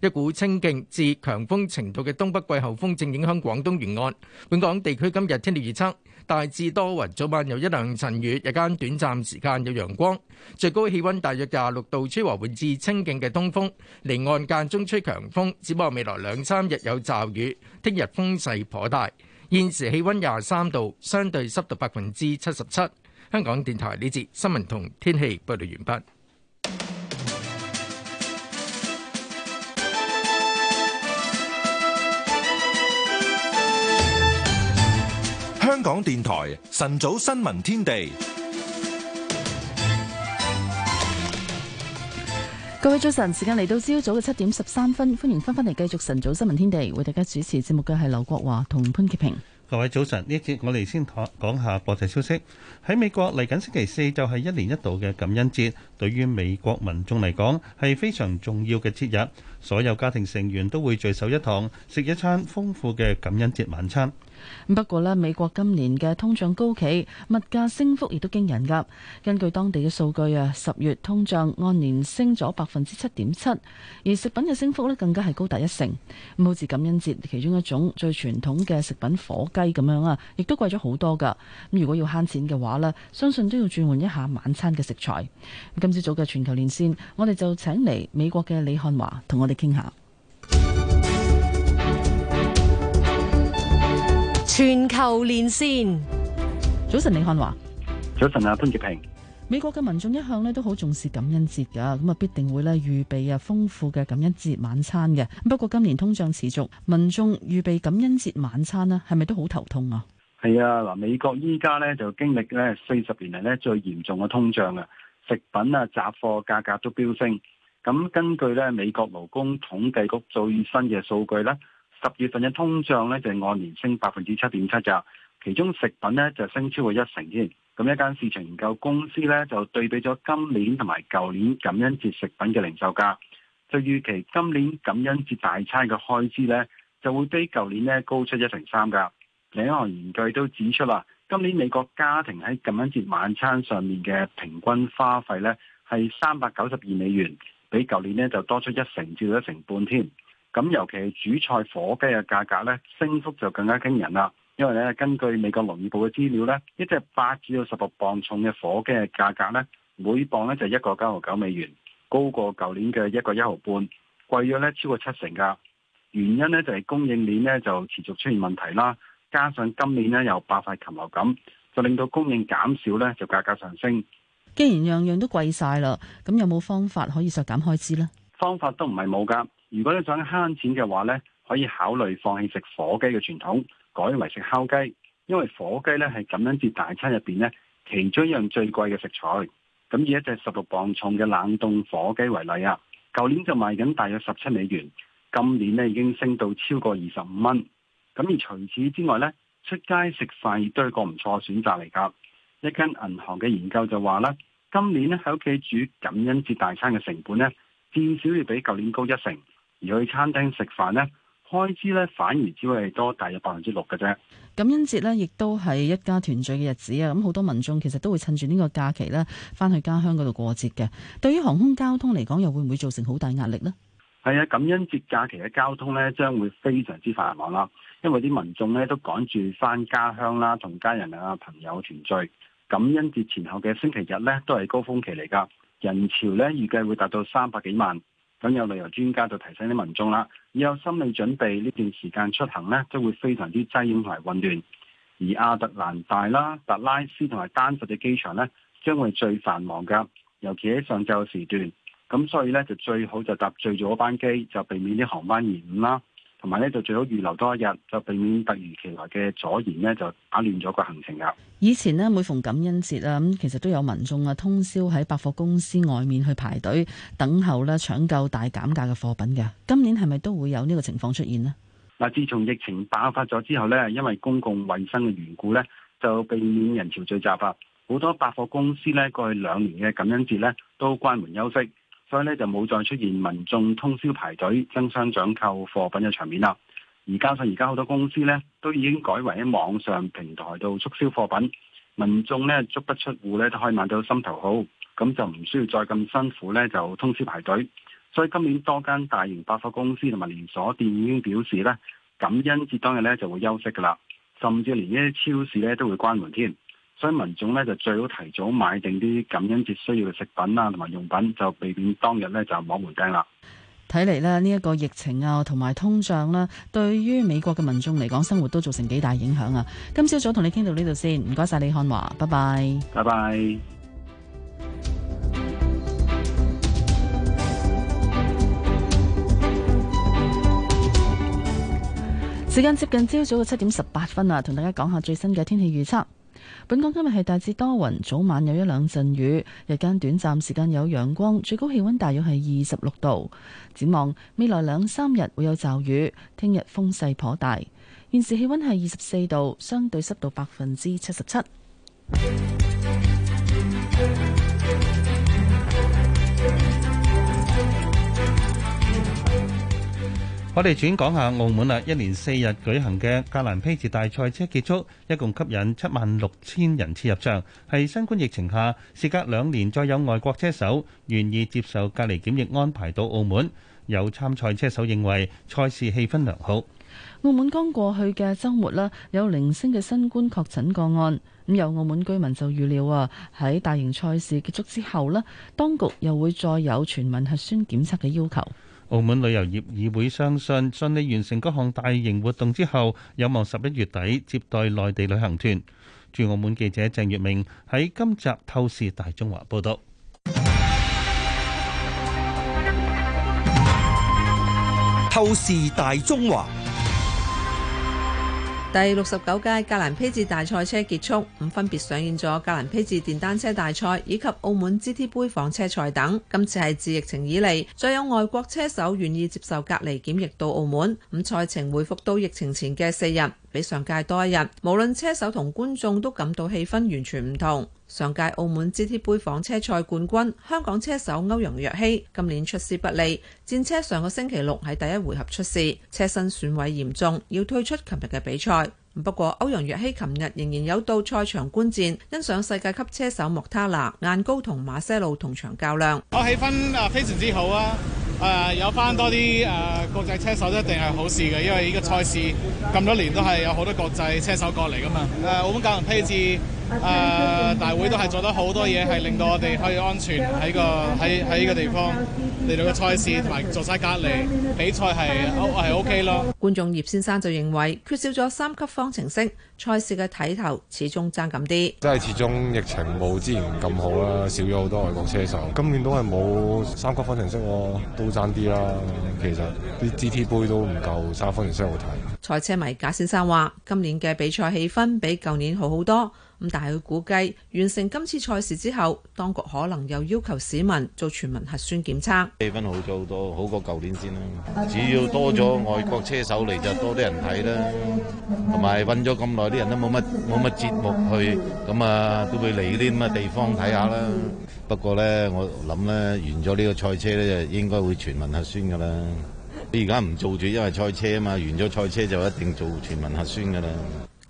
一股清勁至強風程度嘅東北季候風正影響廣東沿岸，本港地區今日天氣預測。大致多雲，早晚有一兩陣雨，日間短暫時間有陽光，最高氣溫大約廿六度，吹和緩至清勁嘅東風，離岸間中吹強風，只不過未來兩三日有驟雨，聽日風勢頗大。現時氣溫廿三度，相對濕度百分之七十七。香港電台呢節新聞同天氣報道完畢。香港電台晨早新聞天地，各位早晨，時間嚟到朝早嘅七點十三分，歡迎翻返嚟繼續晨早新聞天地，為大家主持節目嘅係劉國華同潘潔平。各位早晨，呢一節我哋先講講下國際消息。喺美國嚟緊星期四就係一年一度嘅感恩節，對於美國民眾嚟講係非常重要嘅節日，所有家庭成員都會聚首一堂，食一餐豐富嘅感恩節晚餐。不過呢，美國今年嘅通脹高企，物價升幅亦都驚人噶。根據當地嘅數據啊，十月通脹按年升咗百分之七點七，而食品嘅升幅呢更加係高達一成。咁好似感恩節其中一種最傳統嘅食品火雞咁樣啊，亦都貴咗好多噶。咁如果要慳錢嘅話呢，相信都要轉換一下晚餐嘅食材。今朝早嘅全球連線，我哋就請嚟美國嘅李漢華同我哋傾下。全球連線，早晨李漢華。早晨啊潘潔平。美國嘅民眾一向咧都好重視感恩節噶，咁啊必定會咧預備啊豐富嘅感恩節晚餐嘅。不過今年通脹持續，民眾預備感恩節晚餐咧，係咪都好頭痛啊？係啊，嗱，美國依家咧就經歷咧四十年嚟咧最嚴重嘅通脹啊，食品啊雜貨價格都飆升。咁根據咧美國勞工統計局最新嘅數據咧。十月份嘅通脹咧就按年升百分之七點七咋，其中食品咧就升超過一成添。咁一間市場研究公司咧就對比咗今年同埋舊年感恩節食品嘅零售價，就預期今年感恩節大餐嘅開支咧就會比舊年咧高出一成三㗎。另一項研究都指出啦，今年美國家庭喺感恩節晚餐上面嘅平均花費咧係三百九十二美元，比舊年咧就多出一成至到一成半添。咁尤其係主菜火雞嘅價格咧，升幅就更加驚人啦。因為咧，根據美國農業部嘅資料咧，一隻八至到十六磅重嘅火雞嘅價格咧，每磅咧就一個九毫九美元，高過舊年嘅一個一毫半，貴咗咧超過七成噶。原因咧就係供應鏈咧就持續出現問題啦，加上今年咧又爆發禽流感，就令到供應減少咧，就價格上升。既然樣樣都貴晒啦，咁有冇方法可以削減開支咧？方法都唔係冇噶。如果你想慳錢嘅話呢，可以考慮放棄食火雞嘅傳統，改為食烤雞。因為火雞呢係感恩節大餐入邊呢其中一樣最貴嘅食材。咁以一隻十六磅重嘅冷凍火雞為例啊，舊年就賣緊大約十七美元，今年呢已經升到超過二十五蚊。咁而除此之外呢，出街食飯亦都係個唔錯選擇嚟㗎。一間銀行嘅研究就話呢，今年呢喺屋企煮感恩節大餐嘅成本呢，至少要比舊年高一成。而去餐廳食飯呢，開支呢反而只會係多大約百分之六嘅啫。感恩節呢亦都係一家團聚嘅日子啊！咁好多民眾其實都會趁住呢個假期呢翻去家鄉嗰度過節嘅。對於航空交通嚟講，又會唔會造成好大壓力呢？係啊，感恩節假期嘅交通呢將會非常之繁忙啦。因為啲民眾呢都趕住翻家鄉啦，同家人啊朋友團聚。感恩節前後嘅星期日呢都係高峰期嚟噶，人潮呢預計會達到三百幾萬。咁有旅遊專家就提醒啲民眾啦，要有心理準備，呢段時間出行呢，就會非常之擠擁同埋混亂。而亞特蘭大啦、達拉斯同埋丹佛嘅機場呢，將會最繁忙嘅，尤其喺上晝時段。咁所以呢，就最好就搭最早班機，就避免啲航班延誤啦。同埋咧，就最好預留多一日，就避免突如其來嘅阻延呢，就打亂咗個行程啦。以前呢，每逢感恩節啦，咁其實都有民眾啊，通宵喺百貨公司外面去排隊等候咧，搶購大減價嘅貨品嘅。今年係咪都會有呢個情況出現呢？嗱，自從疫情爆發咗之後呢，因為公共衞生嘅緣故呢，就避免人潮聚集啊。好多百貨公司呢，過去兩年嘅感恩節呢，都關門休息。所以咧就冇再出現民眾通宵排隊爭相搶購貨品嘅場面啦。而加上而家好多公司咧都已經改為喺網上平台度促銷貨品，民眾咧足不出戶咧都可以買到心頭好，咁就唔需要再咁辛苦咧就通宵排隊。所以今年多間大型百貨公司同埋連鎖店已經表示咧感恩節當日咧就會休息噶啦，甚至連一啲超市咧都會關門添。所以民眾呢，就最好提早買定啲感恩節需要嘅食品啦、啊，同埋用品，就避免當日呢就摸門釘啦。睇嚟，呢，呢一個疫情啊、同埋通脹啦、啊，對於美國嘅民眾嚟講，生活都造成幾大影響啊。今朝早同你傾到呢度先，唔該晒李漢華，拜拜，拜拜 bye。時間接近朝早嘅七點十八分啦，同大家講下最新嘅天氣預測。本港今日係大致多雲，早晚有一兩陣雨，日間短暫時間有陽光，最高氣溫大約係二十六度。展望未來兩三日會有驟雨，聽日風勢頗大。現時氣溫係二十四度，相對濕度百分之七十七。 我哋轉講下澳門啦，啊，一連四日舉行嘅格蘭披治大賽車結束，一共吸引七萬六千人次入場，係新冠疫情下，事隔兩年再有外國車手願意接受隔離檢疫，安排到澳門。有參賽車手認為賽事氣氛良好。澳門剛過去嘅周末啦，有零星嘅新冠確診個案，咁有澳門居民就預料啊，喺大型賽事結束之後咧，當局又會再有全民核酸檢測嘅要求。澳門旅遊業議會相信順利完成嗰項大型活動之後，有望十一月底接待內地旅行團。駐澳門記者鄭月明喺今集透視大中華報道。透視大中華。第六十九屆格蘭披治大賽車結束，咁分別上演咗格蘭披治電單車大賽以及澳門 GT 杯房車賽等。今次係自疫情以嚟，再有外國車手願意接受隔離檢疫到澳門，咁賽程回復到疫情前嘅四日，比上屆多一日。無論車手同觀眾都感到氣氛完全唔同。上屆澳門 GT 杯房車賽冠軍香港車手歐陽若曦今年出師不利，戰車上個星期六喺第一回合出事，車身損毀嚴重，要退出琴日嘅比賽。不過歐陽若曦琴日仍然有到賽場觀戰，欣賞世界級車手莫塔拿、晏高同馬塞路同場較量。我氣氛啊，非常之好啊！誒、呃、有翻多啲誒、呃、國際車手一定係好事嘅，因為呢個賽事咁多年都係有好多國際車手過嚟噶嘛。誒、呃，澳門教練配置誒、呃、大會都係做得好多嘢，係令到我哋可以安全喺個喺喺呢個地方嚟到個賽事，同埋做晒隔離比賽係 O 係 OK 咯。觀眾葉先生就認為缺少咗三級方程式。賽事嘅睇頭始終爭咁啲，真係始終疫情冇之前咁好啦，少咗好多外國車手，今年都係冇三級方程式咯，都爭啲啦。其實啲 GT 杯都唔夠三級方程式好睇。賽車迷賈先生話：今年嘅比賽氣氛比舊年好好多。咁但係佢估計完成今次賽事之後，當局可能又要求市民做全民核酸檢測。氣氛好咗好多，好過舊年先啦。只要多咗外國車手嚟，就多啲人睇啦。同埋韞咗咁耐，啲人都冇乜冇乜節目去，咁啊都會嚟啲咁嘅地方睇下啦。不過咧，我諗咧，完咗呢個賽車咧，就應該會全民核酸㗎喇。你而家唔做住，因為賽車啊嘛，完咗賽車就一定做全民核酸㗎喇。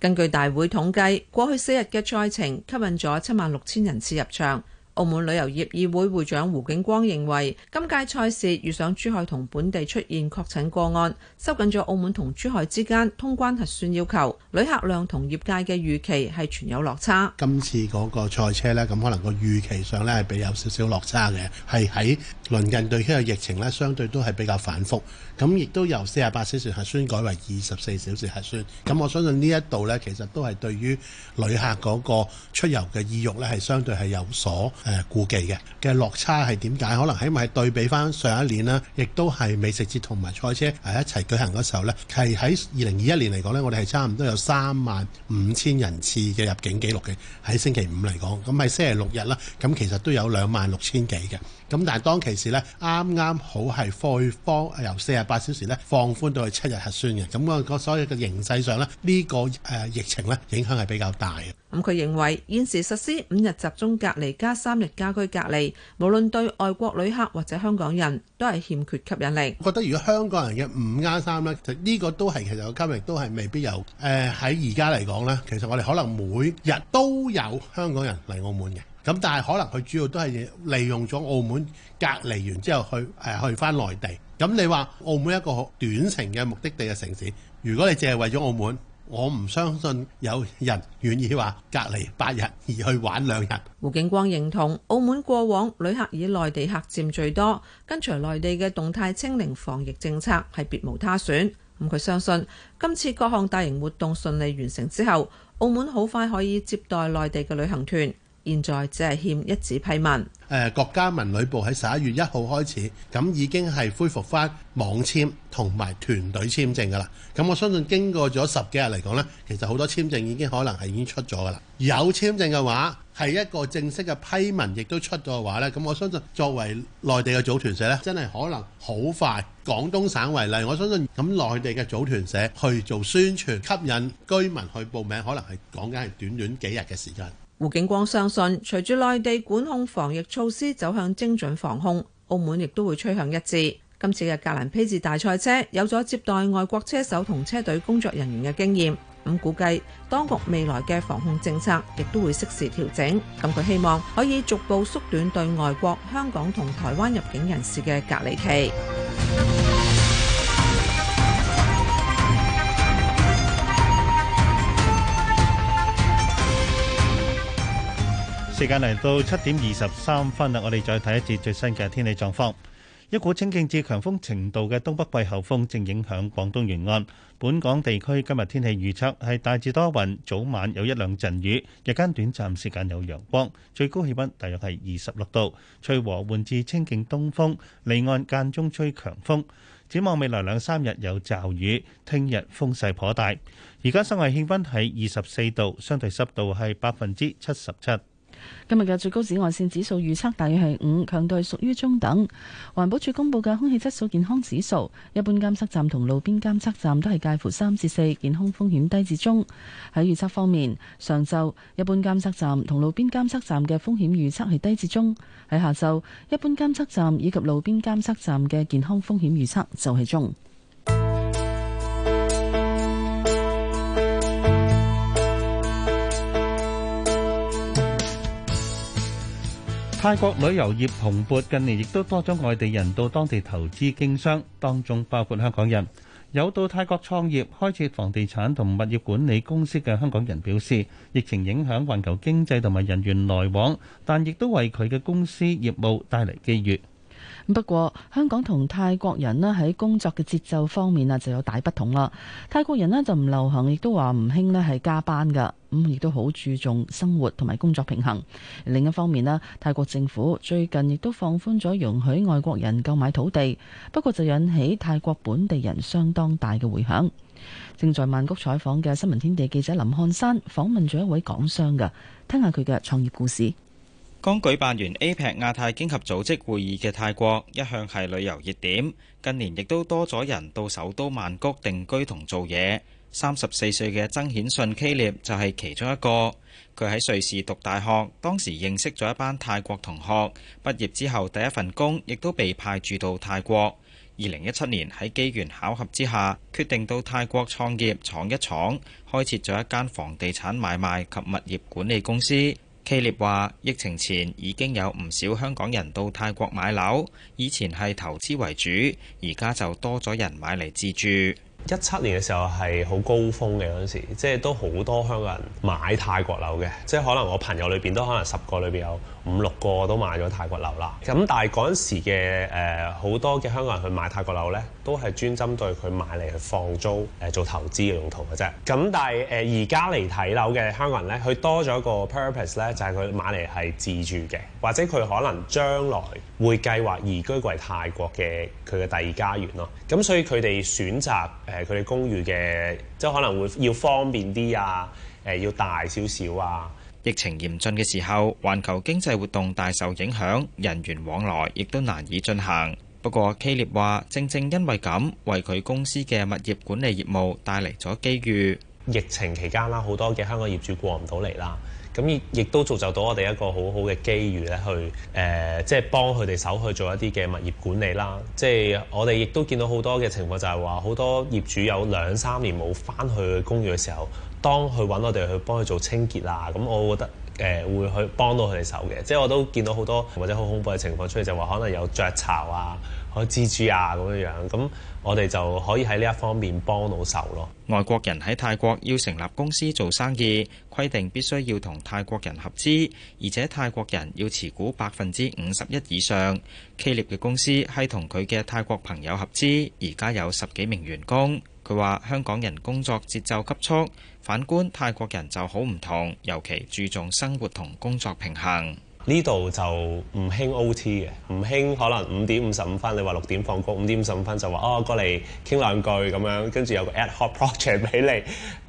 根據大會統計，過去四日嘅賽程吸引咗七萬六千人次入場。澳門旅遊業議會會長胡景光認為，今屆賽事遇上珠海同本地出現確診個案，收緊咗澳門同珠海之間通關核酸要求，旅客量同業界嘅預期係存有落差。今次嗰個賽車咧，咁可能個預期上咧係比有少少落差嘅，係喺鄰近地區嘅疫情咧相對都係比較反覆，咁亦都由四十八小時核酸改為二十四小時核酸。咁我相信呢一度咧，其實都係對於旅客嗰個出遊嘅意欲咧，係相對係有所。顧忌嘅嘅落差係點解？可能係因為對比翻上一年啦，亦都係美食節同埋賽車喺一齊舉行嘅時候呢，係喺二零二一年嚟講呢，我哋係差唔多有三萬五千人次嘅入境記錄嘅。喺星期五嚟講，咁喺星期六日啦，咁其實都有兩萬六千幾嘅。咁但係當其時呢，啱啱好係放寬由四十八小時呢，放寬到去七日核酸嘅，咁我所有嘅形勢上呢，呢個誒疫情呢，影響係比較大嘅。咁佢認為現時實施五日集中隔離加三日家居隔離，無論對外國旅客或者香港人都係欠缺吸引力。我覺得如果香港人嘅五加三呢，呢個都係其實有吸引力都係未必有誒，喺而家嚟講呢，其實我哋可能每日都有香港人嚟澳門嘅。咁但係可能佢主要都係利用咗澳門隔離完之後去誒、啊、去返內地。咁你話澳門一個短程嘅目的地嘅城市，如果你淨係為咗澳門，我唔相信有人願意話隔離八日而去玩兩日。胡景光認同澳門過往旅客以內地客佔最多，跟隨內地嘅動態清零防疫政策係別無他選。咁佢相信今次各項大型活動順利完成之後，澳門好快可以接待內地嘅旅行團。現在只係欠一紙批文。誒、呃，國家文旅部喺十一月一號開始，咁已經係恢復翻網簽同埋團隊簽證噶啦。咁我相信經過咗十幾日嚟講呢，其實好多簽證已經可能係已經出咗噶啦。有簽證嘅話，係一個正式嘅批文，亦都出咗嘅話呢，咁我相信作為內地嘅組團社呢，真係可能好快。廣東省為例，我相信咁內地嘅組團社去做宣傳，吸引居民去報名，可能係講緊係短短幾日嘅時間。胡景光相信，隨住內地管控防疫措施走向精準防控，澳門亦都會趨向一致。今次嘅格蘭披治大賽車有咗接待外國車手同車隊工作人員嘅經驗，咁估計當局未來嘅防控政策亦都會適時調整。咁佢希望可以逐步縮短對外國、香港同台灣入境人士嘅隔離期。時間嚟到七點二十三分啦，我哋再睇一節最新嘅天氣狀況。一股清勁至強風程度嘅東北季候風正影響廣東沿岸，本港地區今日天氣預測係大致多雲，早晚有一兩陣雨，日間短暫時間有陽光，最高氣溫大約係二十六度，吹和緩至清勁東風，離岸間中吹強風。展望未來兩三日有驟雨，聽日風勢頗大。而家室外氣溫係二十四度，相對濕度係百分之七十七。今日嘅最高紫外線指數預測大約係五，強度屬於中等。環保署公佈嘅空氣質素健康指數，一般監測站同路邊監測站都係介乎三至四，健康風險低至中。喺預測方面，上晝一般監測站同路邊監測站嘅風險預測係低至中；喺下晝，一般監測站以及路邊監測站嘅健康風險預測就係中。泰國旅遊業蓬勃，近年亦都多咗外地人到當地投資經商，當中包括香港人。有到泰國創業、開設房地產同物業管理公司嘅香港人表示，疫情影響環球經濟同埋人員來往，但亦都為佢嘅公司業務帶嚟機遇。不過，香港同泰國人呢喺工作嘅節奏方面啊，就有大不同啦。泰國人呢就唔流行，亦都話唔興呢係加班㗎，咁亦都好注重生活同埋工作平衡。另一方面呢，泰國政府最近亦都放寬咗容許外國人購買土地，不過就引起泰國本地人相當大嘅迴響。正在曼谷採訪嘅新聞天地記者林漢山訪問咗一位港商㗎，聽下佢嘅創業故事。剛舉辦完 APEC 亞太經合組織會議嘅泰國，一向係旅遊熱點，近年亦都多咗人到首都曼谷定居同做嘢。三十四歲嘅曾顯信 K 列就係其中一個。佢喺瑞士讀大學，當時認識咗一班泰國同學，畢業之後第一份工亦都被派駐到泰國。二零一七年喺機緣巧合之下，決定到泰國創業闖一闖，開設咗一間房地產買賣及物業管理公司。K 列話疫情前已經有唔少香港人到泰國買樓，以前係投資為主，而家就多咗人買嚟自住。一七年嘅時候係好高峰嘅嗰陣時，即係都好多香港人買泰國樓嘅，即係可能我朋友裏邊都可能十個裏邊有五六個都買咗泰國樓啦。咁但係嗰陣時嘅誒好多嘅香港人去買泰國樓呢，都係專針對佢買嚟去放租誒做投資嘅用途嘅啫。咁但係誒而家嚟睇樓嘅香港人呢，佢多咗個 purpose 呢，就係佢買嚟係自住嘅，或者佢可能將來會計劃移居過嚟泰國嘅佢嘅第二家園咯。咁所以佢哋選擇。誒佢哋公寓嘅，即係可能會要方便啲啊！誒要大少少啊！疫情嚴峻嘅時候，環球經濟活動大受影響，人員往來亦都難以進行。不過 K 列話，正正因為咁，為佢公司嘅物業管理業務帶嚟咗機遇。疫情期間啦，好多嘅香港業主過唔到嚟啦。咁亦都造就到我哋一個好好嘅機遇咧，去、呃、誒，即係幫佢哋手去做一啲嘅物業管理啦。即係我哋亦都見到好多嘅情況，就係話好多業主有兩三年冇翻去公寓嘅時候，當佢揾我哋去幫佢做清潔啊。咁我覺得誒、呃、會去幫到佢哋手嘅。即係我都見到好多或者好恐怖嘅情況出嚟，就話、是、可能有雀巢啊。可蜘蛛啊，咁樣樣，咁我哋就可以喺呢一方面幫到手咯。外國人喺泰國要成立公司做生意，規定必須要同泰國人合資，而且泰國人要持股百分之五十一以上。K 列嘅公司係同佢嘅泰國朋友合資，而家有十幾名員工。佢話香港人工作節奏急促，反觀泰國人就好唔同，尤其注重生活同工作平衡。呢度就唔興 OT 嘅，唔興可能五點五十五分你話六點放工，五點五十五分就話哦過嚟傾兩句咁樣，跟住有個 ad hoc project 俾你，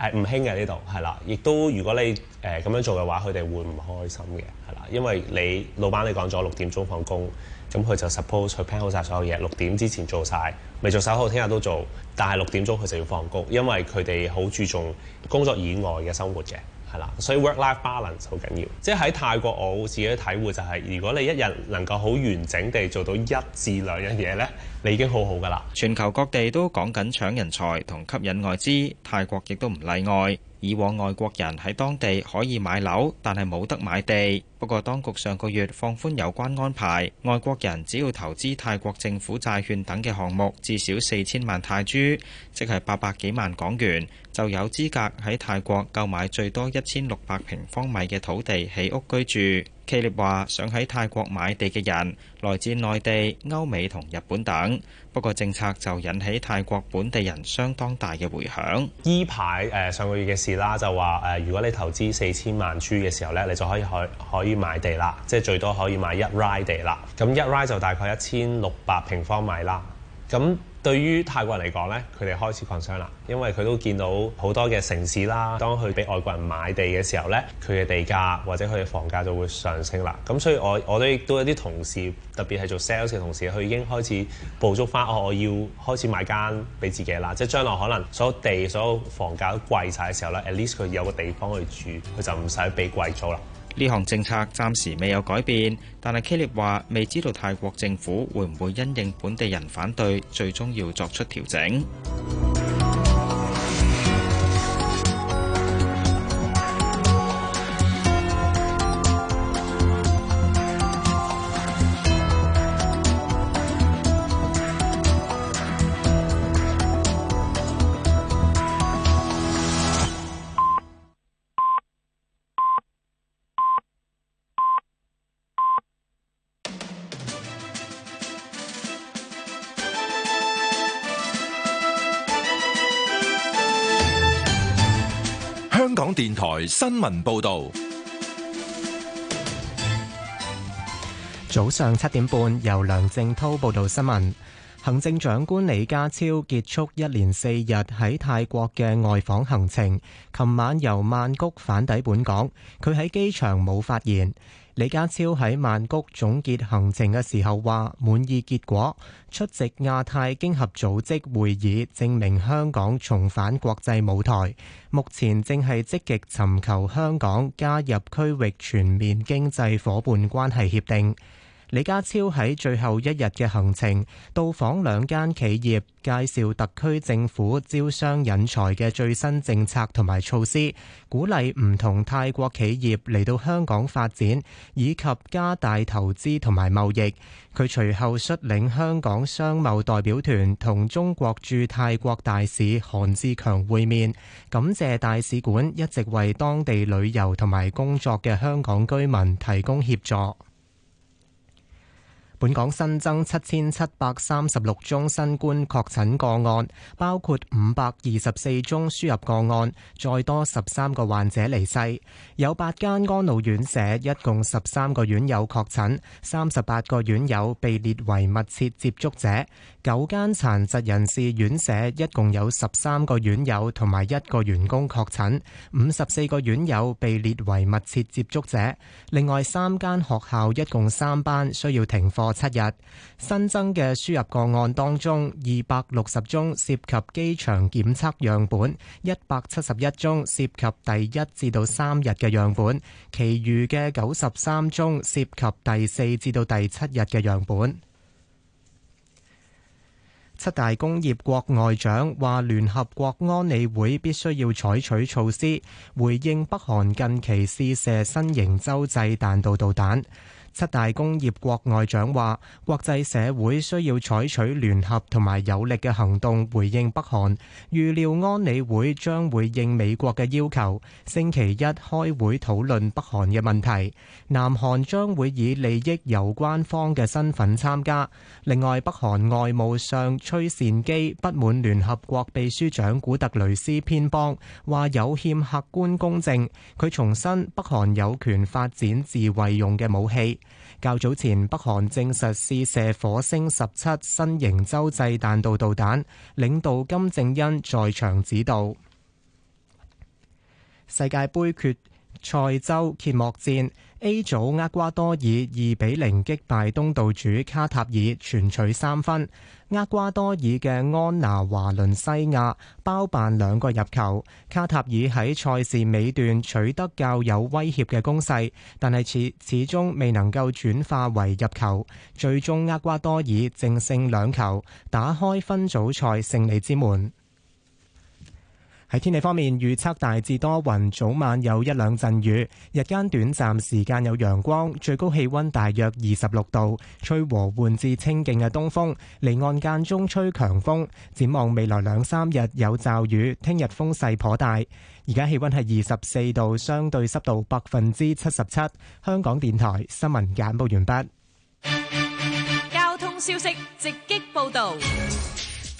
係唔興嘅呢度，係啦。亦都如果你誒咁、呃、樣做嘅話，佢哋會唔開心嘅，係啦，因為你老闆你講咗六點鐘放工，咁佢就 suppose 佢 plan 好晒所有嘢，六點之前做晒，未做手號聽日都做，但係六點鐘佢就要放工，因為佢哋好注重工作以外嘅生活嘅。係啦，所以 work-life balance 好緊要。即係喺泰國，我自己體會就係，如果你一日能夠好完整地做到一至兩樣嘢呢，你已經好好噶啦。全球各地都講緊搶人才同吸引外資，泰國亦都唔例外。以往外國人喺當地可以買樓，但係冇得買地。不過當局上個月放寬有關安排，外國人只要投資泰國政府債券等嘅項目，至少四千萬泰銖，即係八百幾萬港元。就有資格喺泰國購買最多一千六百平方米嘅土地起屋居住。企列話，想喺泰國買地嘅人來自內地、歐美同日本等。不過政策就引起泰國本地人相當大嘅迴響。依排誒上個月嘅事啦，就話誒、呃，如果你投資四千萬銖嘅時候呢，你就可以可可以買地啦，即係最多可以買一 rai 地啦。咁一 rai 就大概一千六百平方米啦。咁對於泰國人嚟講呢，佢哋開始擴張啦，因為佢都見到好多嘅城市啦。當佢俾外國人買地嘅時候呢，佢嘅地價或者佢嘅房價就會上升啦。咁所以我，我我哋都有啲同事，特別係做 sales 嘅同事，佢已經開始捕捉翻，哦，我要開始買間俾自己啦。即係將來可能所有地、所有房價都貴晒嘅時候呢 at least 佢有個地方去住，佢就唔使俾貴租啦。呢項政策暫時未有改變，但係 Kylie 話未知道泰國政府會唔會因應本地人反對，最終要作出調整。新聞報道，早上七點半，由梁正滔報道新聞。行政長官李家超結束一連四日喺泰國嘅外訪行程，琴晚由曼谷返抵本港，佢喺機場冇發言。李家超喺曼谷總結行程嘅時候話滿意結果，出席亞太經合組織會議，證明香港重返國際舞台。目前正係積極尋求香港加入區域全面經濟夥伴關係協定。李家超喺最後一日嘅行程，到訪兩間企業，介紹特區政府招商引才嘅最新政策同埋措施，鼓勵唔同泰國企業嚟到香港發展，以及加大投資同埋貿易。佢隨後率領香港商貿代表團同中國駐泰國大使韓志強會面，感謝大使館一直為當地旅遊同埋工作嘅香港居民提供協助。本港新增七千七百三十六宗新冠確診個案，包括五百二十四宗輸入個案，再多十三個患者離世。有八間安老院舍，一共十三個院友確診，三十八個院友被列為密切接觸者。九間殘疾人士院舍一共有十三個院友同埋一個員工確診，五十四個院友被列為密切接觸者。另外三間學校一共三班需要停課七日。新增嘅輸入個案當中，二百六十宗涉及機場檢測樣本，一百七十一宗涉及第一至到三日嘅樣本，其餘嘅九十三宗涉及第四至到第七日嘅樣本。七大工業國外長話，聯合國安理會必須要採取措施，回應北韓近期試射新型洲際彈道導彈。七大工業國外長話：國際社會需要採取聯合同埋有力嘅行動，回應北韓。預料安理會將會應美國嘅要求，星期一開會討論北韓嘅問題。南韓將會以利益有關方嘅身份參加。另外，北韓外務相崔善基不滿聯合國秘書長古特雷斯偏幫，話有欠客觀公正。佢重申北韓有權發展自衛用嘅武器。較早前，北韓證實試射火星十七新型洲際彈道導彈，領導金正恩在場指導。世界杯決賽周揭幕戰。A 組厄瓜多爾二比零擊敗東道主卡塔爾，全取三分。厄瓜多爾嘅安娜華倫西亞包辦兩個入球。卡塔爾喺賽事尾段取得較有威脅嘅攻勢，但係始始終未能夠轉化為入球，最終厄瓜多爾正勝兩球，打開分組賽勝利之門。喺天氣方面預測大致多雲，早晚有一兩陣雨，日間短暫時間有陽光，最高氣溫大約二十六度，吹和緩至清勁嘅東風，離岸間中吹強風。展望未來兩三日有驟雨，聽日風勢頗大。而家氣溫係二十四度，相對濕度百分之七十七。香港電台新聞簡報完畢。交通消息直擊報道。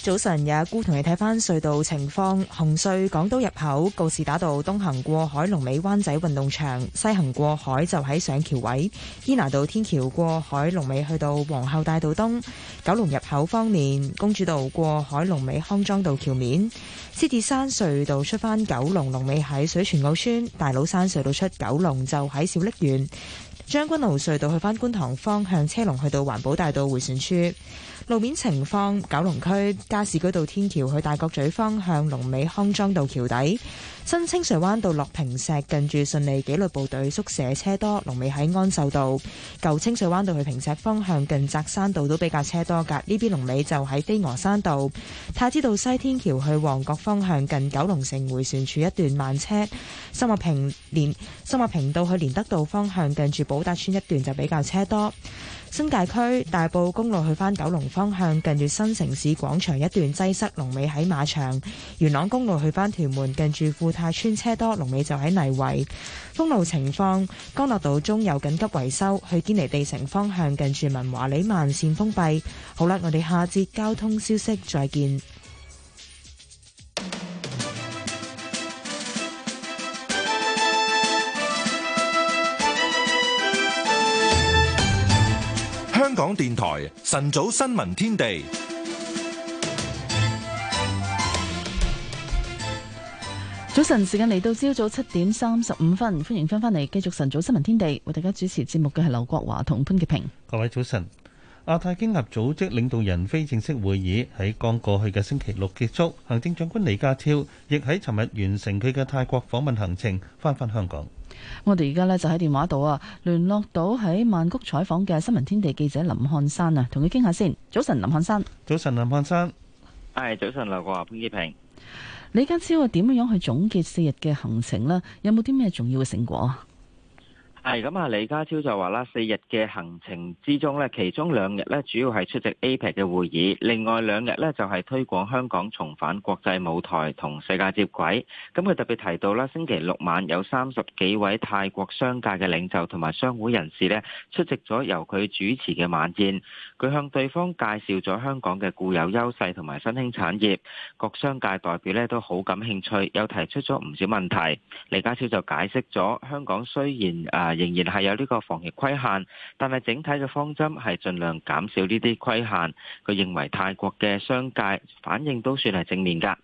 早晨，也姑同你睇翻隧道情況。紅隧港島入口告士打道東行過海龍尾灣仔運動場，西行過海就喺上橋位；堅拿道天橋過海龍尾去到皇后大道東。九龍入口方面，公主道過海龍尾康莊道橋面；獅子山隧道出翻九龍龍尾喺水泉澳村；大老山隧道出九龍就喺小瀝源；將軍澳隧道去翻觀塘方向車龍去到環保大道回旋處。路面情況：九龍區加士居道天橋去大角咀方向，龍尾康莊道橋底；新清水灣道落坪石，近住順利紀律部隊宿舍，車多；龍尾喺安秀道；舊清水灣道去坪石方向，近扎山道都比較車多噶。呢邊龍尾就喺飛鵝山道；太子道西天橋去旺角方向，近九龍城回旋處一段慢車；秀茂坪連秀茂坪道去連德道方向，近住寶達村一段就比較車多。新界區大埔公路去返九龍方向，近住新城市廣場一段擠塞，龍尾喺馬場；元朗公路去返屯門，近住富泰村車多，龍尾就喺泥圍。封路情況：江樂道中有緊急維修，去堅尼地城方向近住文華里慢線封閉。好啦，我哋下節交通消息，再見。電台晨早新聞天地，早晨時間嚟到朝早七點三十五分，歡迎翻翻嚟繼續晨早新聞天地，為大家主持節目嘅係劉國華同潘潔平。各位早晨，亞太經合組織領導人非正式會議喺剛過去嘅星期六結束，行政長官李家超亦喺尋日完成佢嘅泰國訪問行程，翻翻香港。我哋而家呢，就喺電話度啊，聯絡到喺曼谷採訪嘅新聞天地記者林漢山啊，同佢傾下先。早晨，林漢山。早晨，林漢山。係，早晨，劉國華，潘志平。李家超啊，點樣樣去總結四日嘅行程呢？有冇啲咩重要嘅成果啊？係咁啊，李家超就話啦，四日嘅行程之中咧，其中兩日咧主要係出席 APEC 嘅會議，另外兩日咧就係推廣香港重返國際舞台同世界接軌。咁佢特別提到啦，星期六晚有三十幾位泰國商界嘅領袖同埋商會人士咧出席咗由佢主持嘅晚宴。佢向對方介紹咗香港嘅固有優勢同埋新興產業，各商界代表咧都好感興趣，又提出咗唔少問題。李家超就解釋咗香港雖然啊，呃，仍然係有呢個防疫規限，但係整體嘅方針係盡量減少呢啲規限。佢認為泰國嘅商界反應都算係正面㗎。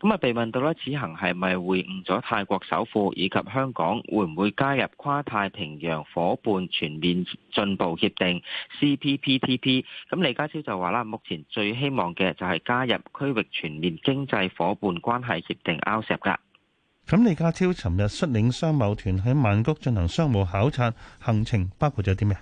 咁啊，被問到咧，此行係咪會誤咗泰國首富，以及香港會唔會加入跨太平洋夥伴全面進步協定 （CPTPP）？咁李家超就話啦，目前最希望嘅就係加入區域全面經濟夥伴關係協定 （RCEP） 噶。咁李家超尋日率領商貿團喺曼谷進行商務考察，行程包括咗啲咩？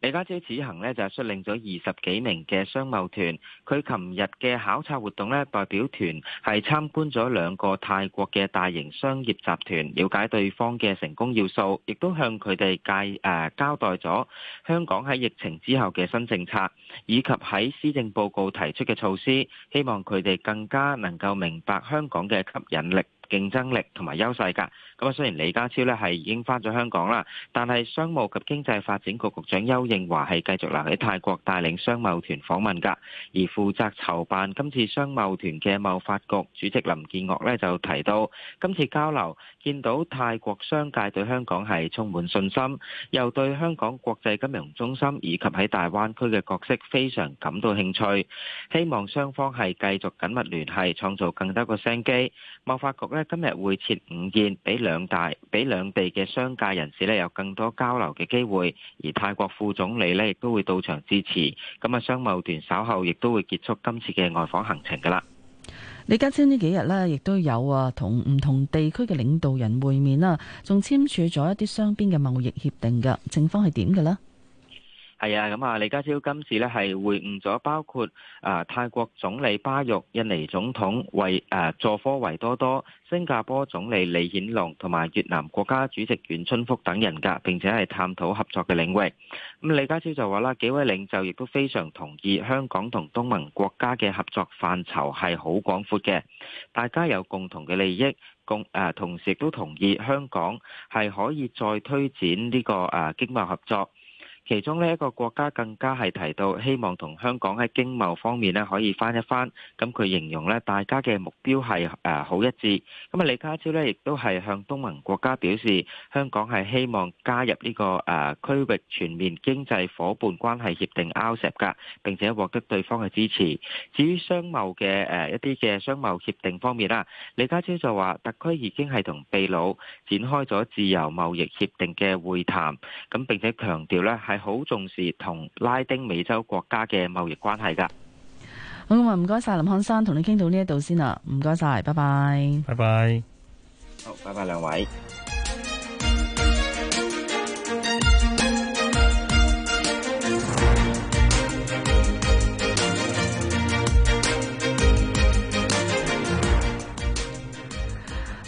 李家超此行呢就率領咗二十幾名嘅商貿團，佢琴日嘅考察活動呢，代表團係參觀咗兩個泰國嘅大型商業集團，了解對方嘅成功要素，亦都向佢哋介誒交代咗香港喺疫情之後嘅新政策，以及喺施政報告提出嘅措施，希望佢哋更加能夠明白香港嘅吸引力。競爭力同埋優勢㗎。咁啊，雖然李家超呢係已經返咗香港啦，但係商務及經濟發展局局長邱應華係繼續留喺泰國帶領商貿團訪問㗎。而負責籌辦今次商貿團嘅貿發局主席林建岳呢就提到，今次交流見到泰國商界對香港係充滿信心，又對香港國際金融中心以及喺大灣區嘅角色非常感到興趣，希望雙方係繼續緊密聯繫，創造更多個商機。貿發局呢。今日會設午宴，俾兩大俾兩地嘅商界人士咧有更多交流嘅機會，而泰國副總理咧亦都會到場支持。咁啊，商貿團稍後亦都會結束今次嘅外訪行程噶啦。李家超呢幾日呢，亦都有啊同唔同地區嘅領導人會面啊，仲簽署咗一啲雙邊嘅貿易協定噶，情況係點噶呢？係啊，咁啊、哎，李家超今次咧係會晤咗包括啊、呃、泰國總理巴育、印尼總統維誒佐科維多多、新加坡總理李顯龍同埋越南國家主席阮春福等人㗎，並且係探討合作嘅領域。咁、嗯、李家超就話啦，幾位領袖亦都非常同意香港同東盟國家嘅合作範疇係好廣闊嘅，大家有共同嘅利益，共誒、呃、同時亦都同意香港係可以再推展呢、這個誒、呃、經貿合作。其中呢一個國家更加係提到希望同香港喺經貿方面咧可以翻一番，咁佢形容咧大家嘅目標係誒好一致。咁啊，李家超咧亦都係向東盟國家表示，香港係希望加入呢個誒區域全面經濟夥伴關係協定 RCEP 嘅，並且獲得對方嘅支持。至於商貿嘅誒、啊、一啲嘅商貿協定方面啦，李家超就話特區已經係同秘魯展開咗自由貿易協定嘅會談，咁並且強調咧喺。好重視同拉丁美洲國家嘅貿易關係噶。好，咁唔該晒林漢山，同你傾到呢一度先啦，唔該晒，拜拜，拜拜，好，拜拜兩位。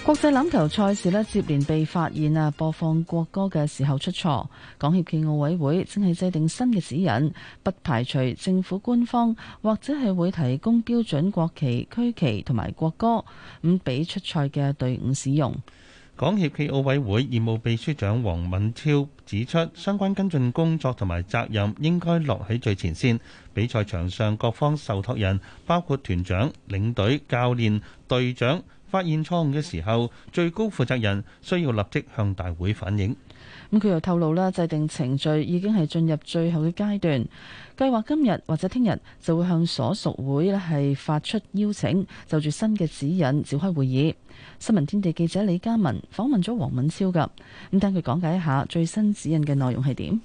國際欖球賽事呢，接連被發現啊播放國歌嘅時候出錯，港協暨奧委會正係制定新嘅指引，不排除政府官方或者係會提供標準國旗、區旗同埋國歌咁俾出賽嘅隊伍使用。港協暨奧委會義務秘書長王敏超指出，相關跟進工作同埋責任應該落喺最前線，比賽場上各方受託人包括團長、領隊、教練、隊長。發現錯誤嘅時候，最高負責人需要立即向大會反映。咁佢又透露啦，制定程序已經係進入最後嘅階段。計劃今日或者聽日就會向所屬會咧係發出邀請，就住新嘅指引召開會議。新聞天地記者李家文訪問咗黃敏超噶，咁等佢講解一下最新指引嘅內容係點。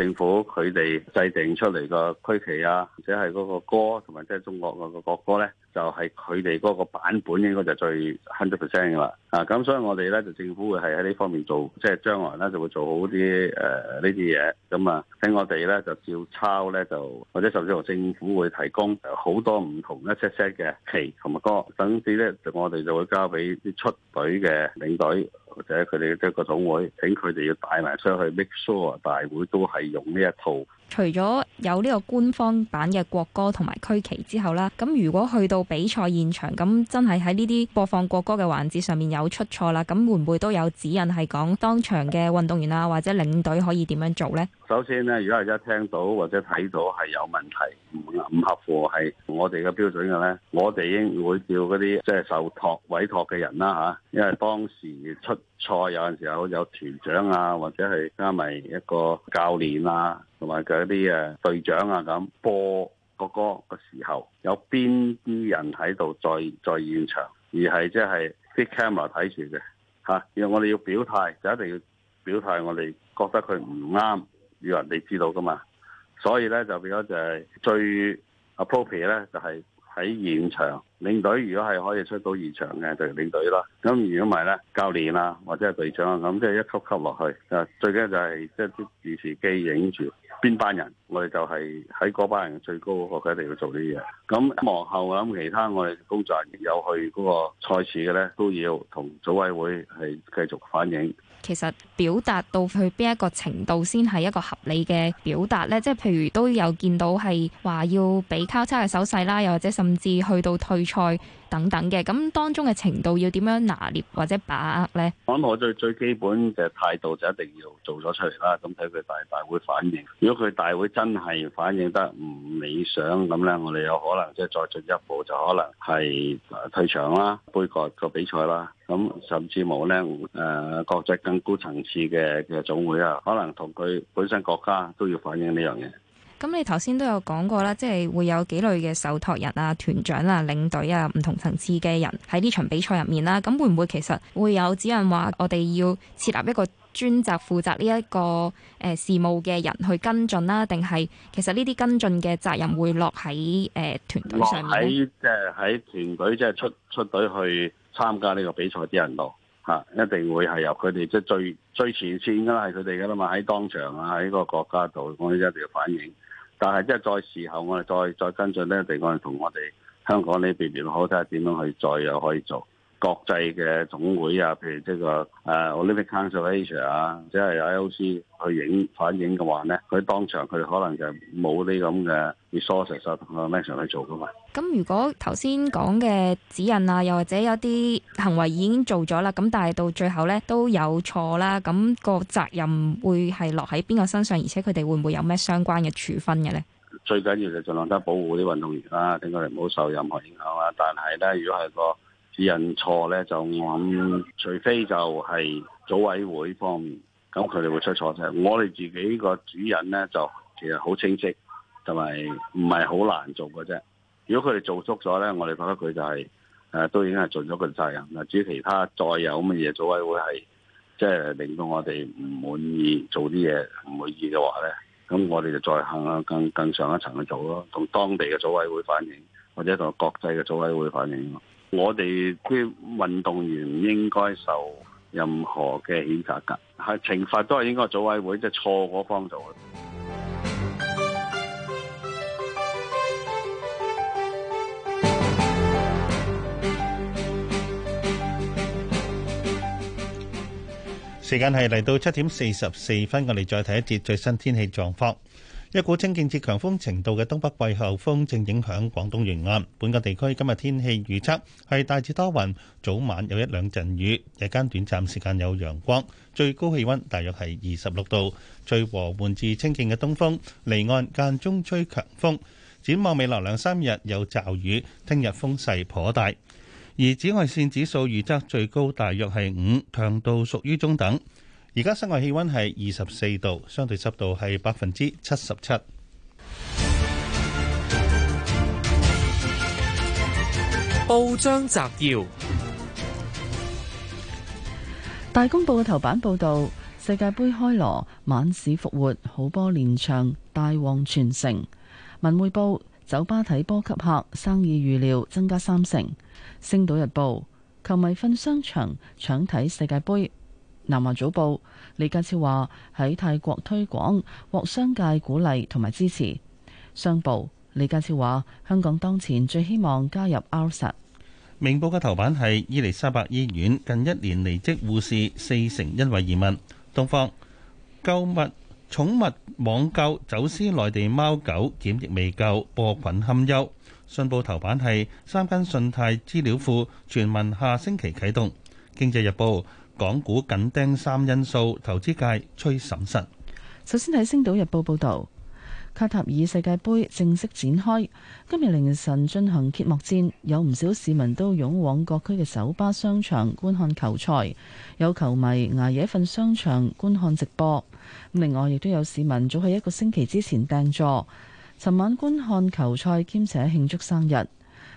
政府佢哋制定出嚟個區旗啊，或者係嗰個歌同埋即係中國外個國歌咧，就係佢哋嗰個版本應該就最 hundred percent 噶啦。啊，咁所以我哋咧就政府會係喺呢方面做，即係將來咧就會做好啲誒、呃啊、呢啲嘢。咁啊喺我哋咧就照抄咧就，或者甚至乎政府會提供好多唔同一 set set 嘅旗同埋歌，等啲咧就我哋就會交俾啲出隊嘅領隊。或者佢哋即係個總會，請佢哋要帶埋出去，make sure 大會都係用呢一套。除咗有呢個官方版嘅國歌同埋區旗之後啦，咁如果去到比賽現場，咁真係喺呢啲播放國歌嘅環節上面有出錯啦，咁會唔會都有指引係講當場嘅運動員啊或者領隊可以點樣做呢？首先呢，如果大家聽到或者睇到係有問題，唔唔合乎係我哋嘅標準嘅呢，我哋應會叫嗰啲即係受託委託嘅人啦吓，因為當時出賽有陣時候有團長啊或者係加埋一個教練啊。同埋佢一啲誒隊長啊，咁播個歌嘅時候，有邊啲人喺度在在現場，而係即係啲 camera 睇住嘅嚇。因為我哋要表態，就一定要表態，我哋覺得佢唔啱，要人哋知道㗎嘛。所以咧就變咗就係最 appropriate 咧就係、是。喺現場領隊如果係可以出到現場嘅就係領隊啦，咁如果唔係咧，教練啊或者係隊長啊，咁即係一級級落去。最緊就係即係啲電視機影住邊班人，我哋就係喺嗰班人最高嗰個，佢一定要做呢樣。咁幕後咁其他我哋工作人員有去嗰個賽事嘅咧，都要同組委會係繼續反映。其實表達到去邊一個程度先係一個合理嘅表達呢？即係譬如都有見到係話要俾交叉嘅手勢啦，又或者甚至去到退賽。等等嘅咁當中嘅程度要點樣拿捏或者把握咧？我諗我最最基本嘅態度就一定要做咗出嚟啦，咁睇佢大大會反應。如果佢大會真係反應得唔理想咁咧，我哋有可能即係再進一步就可能係退場啦、杯葛個比賽啦，咁甚至冇咧誒國際更高層次嘅嘅總會啊，可能同佢本身國家都要反應呢樣嘢。咁你頭先都有講過啦，即係會有幾類嘅受託人啊、團長啊、領隊啊，唔同層次嘅人喺呢場比賽入面啦。咁會唔會其實會有指引話我哋要設立一個專責負責呢一個誒事務嘅人去跟進啦，啊？定係其實呢啲跟進嘅責任會落喺誒團隊上面？落喺即係喺團隊即係出出隊去參加呢個比賽啲人度嚇，一定會係由佢哋即係最最前線噶啦，係佢哋噶啦嘛，喺當場啊，喺個國家度我哋一定要反應。但係，即係再事後，我哋再再跟進咧，地方，同我哋香港呢邊聯絡下點樣去再又可以做。國際嘅總會啊，譬如呢個誒 Olympic Council 啊，即係 IOC 去影反映嘅話咧，佢當場佢可能就冇啲咁嘅 resources 啊，同埋 action 去做噶嘛。咁如果頭先講嘅指引啊，又或者有啲行為已經做咗啦，咁但係到最後咧都有錯啦，咁個責任會係落喺邊個身上？而且佢哋會唔會有咩相關嘅處分嘅咧？最緊要就儘量得保護啲運動員啦、啊，應該唔好受任何影響啊。但係咧，如果係個認錯咧就我諗，除非就係組委會方面，咁佢哋會出錯啫。我哋自己個主人咧就其實好清晰，同埋唔係好難做嘅啫。如果佢哋做足咗咧，我哋覺得佢就係、是、誒、啊、都已經係盡咗佢責任。嗱，至於其他再有乜嘢組委會係即係令到我哋唔滿意，做啲嘢唔滿意嘅話咧，咁我哋就再向啊更更上一層去做咯，同當地嘅組委會反映，或者同國際嘅組委會反映咯。我哋啲運動員唔應該受任何嘅懲罰㗎，係，懲罰都係應該組委會，即係、就是、錯嗰方做。時間係嚟到七點四十四分，我哋再睇一節最新天氣狀況。一股清勁至強風程度嘅東北季候風正影響廣東沿岸，本港地區今日天氣預測係大致多雲，早晚有一兩陣雨，日間短暫時間有陽光，最高氣温大約係二十六度，吹和緩至清勁嘅東風離岸間中吹強風，展望未來兩三日有驟雨，聽日風勢頗大，而紫外線指數預測最高大約係五，強度屬於中等。而家室外氣温係二十四度，相對濕度係百分之七十七。報章摘要：大公報嘅頭版報導，世界盃開鑼，晚市復活，好波連場，大旺全城。文匯報：酒吧睇波吸客，生意預料增加三成。星島日報：球迷瞓商場，搶睇世界盃。南華早報李家超話喺泰國推廣獲商界鼓勵同埋支持。商報李家超話香港當前最希望加入 RSE。明報嘅頭版係伊利沙伯醫院近一年離職護士四成因為移民。東方購物寵物網購走私內地貓狗檢疫未夠，播菌堪憂。信報頭版係三間信貸資料庫全文下星期啟動。經濟日報。港股緊盯三因素，投資界趨審慎。首先睇星島日報報道，卡塔爾世界盃正式展開，今日凌晨進行揭幕戰，有唔少市民都湧往各區嘅酒吧、商場觀看球賽，有球迷捱夜瞓商場觀看直播。另外亦都有市民早喺一個星期之前訂座，尋晚觀看球賽兼且慶祝生日。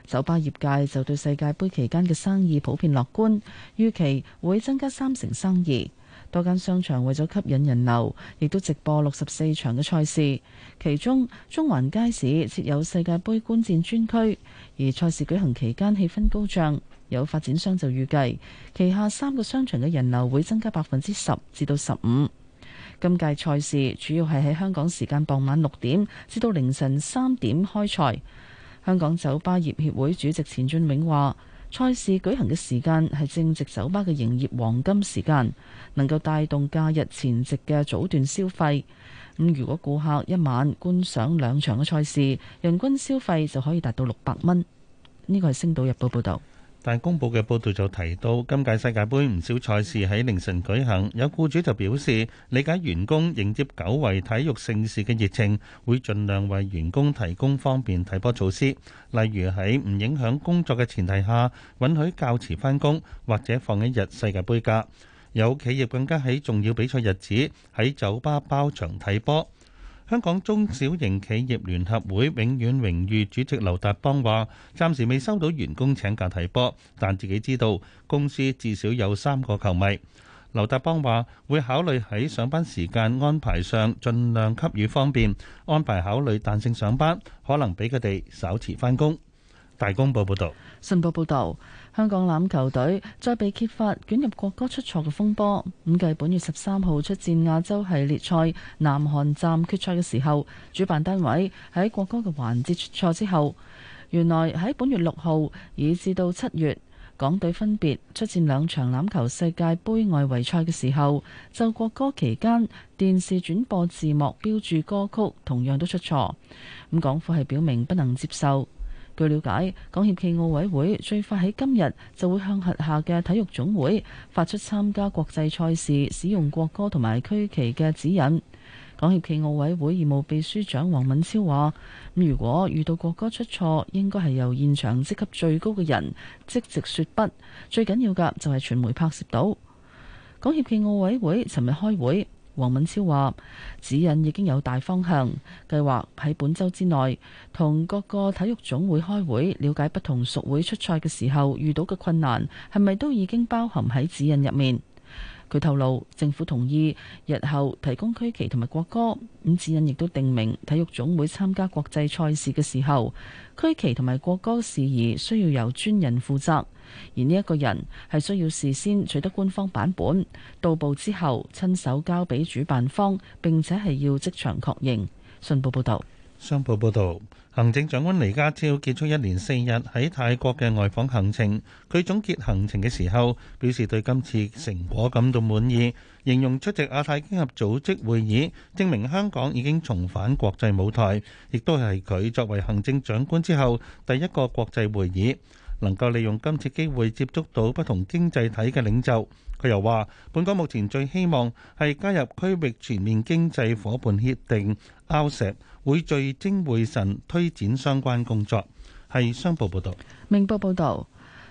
酒吧業界就對世界盃期間嘅生意普遍樂觀，預期會增加三成生意。多間商場為咗吸引人流，亦都直播六十四場嘅賽事，其中中環街市設有世界盃觀戰專區，而賽事舉行期間氣氛高漲。有發展商就預計，旗下三個商場嘅人流會增加百分之十至到十五。今屆賽事主要係喺香港時間傍晚六點至到凌晨三點開賽。香港酒吧業協會主席錢俊永話：賽事舉行嘅時間係正值酒吧嘅營業黃金時間，能夠帶動假日前夕嘅早段消費。咁、嗯、如果顧客一晚觀賞兩場嘅賽事，人均消費就可以達到六百蚊。呢、這個係《星島日報》報導。但係公佈嘅報道就提到，今屆世界盃唔少賽事喺凌晨舉行，有雇主就表示理解員工迎接久違體育盛事嘅熱情，會盡量為員工提供方便睇波措施，例如喺唔影響工作嘅前提下，允許較遲返工或者放一日世界盃假。有企業更加喺重要比賽日子喺酒吧包場睇波。香港中小型企業聯合會永遠榮譽主席劉達邦話：暫時未收到員工請假睇波，但自己知道公司至少有三個球迷。劉達邦話：會考慮喺上班時間安排上盡量給予方便，安排考慮彈性上班，可能俾佢哋稍遲翻工。大公報報道，信報報道。香港欖球隊再被揭發捲入國歌出錯嘅風波。咁繼本月十三號出戰亞洲系列賽南韓站決賽嘅時候，主辦單位喺國歌嘅環節出錯之後，原來喺本月六號以至到七月，港隊分別出戰兩場欖球世界盃外圍賽嘅時候，就國歌期間電視轉播字幕標注歌曲同樣都出錯。咁港府係表明不能接受。據了解，港協暨奧委會最快喺今日就會向轄下嘅體育總會發出參加國際賽事使用國歌同埋區旗嘅指引。港協暨奧委會義務秘書長王敏超話，如果遇到國歌出錯，應該係由現場職級最高嘅人即席說不。最緊要嘅就係傳媒拍攝到港協暨奧委會尋日開會。王敏超話指引已經有大方向，計劃喺本周之內同各個體育總會開會，了解不同屬會出賽嘅時候遇到嘅困難，係咪都已經包含喺指引入面。佢透露，政府同意日後提供區旗同埋國歌。指引亦都定明，體育總會參加國際賽事嘅時候，區旗同埋國歌事宜需要由專人負責，而呢一個人係需要事先取得官方版本，到埗之後親手交俾主辦方，並且係要即場確認。信報報道。商報報導。行政長官李家超結束一連四日喺泰國嘅外訪行程，佢總結行程嘅時候表示對今次成果感到滿意，形容出席亞太經合組織會議證明香港已經重返國際舞台，亦都係佢作為行政長官之後第一個國際會議，能夠利用今次機會接觸到不同經濟體嘅領袖。佢又話：本港目前最希望係加入區域全面經濟夥伴協定 （RCEP）。會聚精會神推展相關工作。係商報報道，明報報道，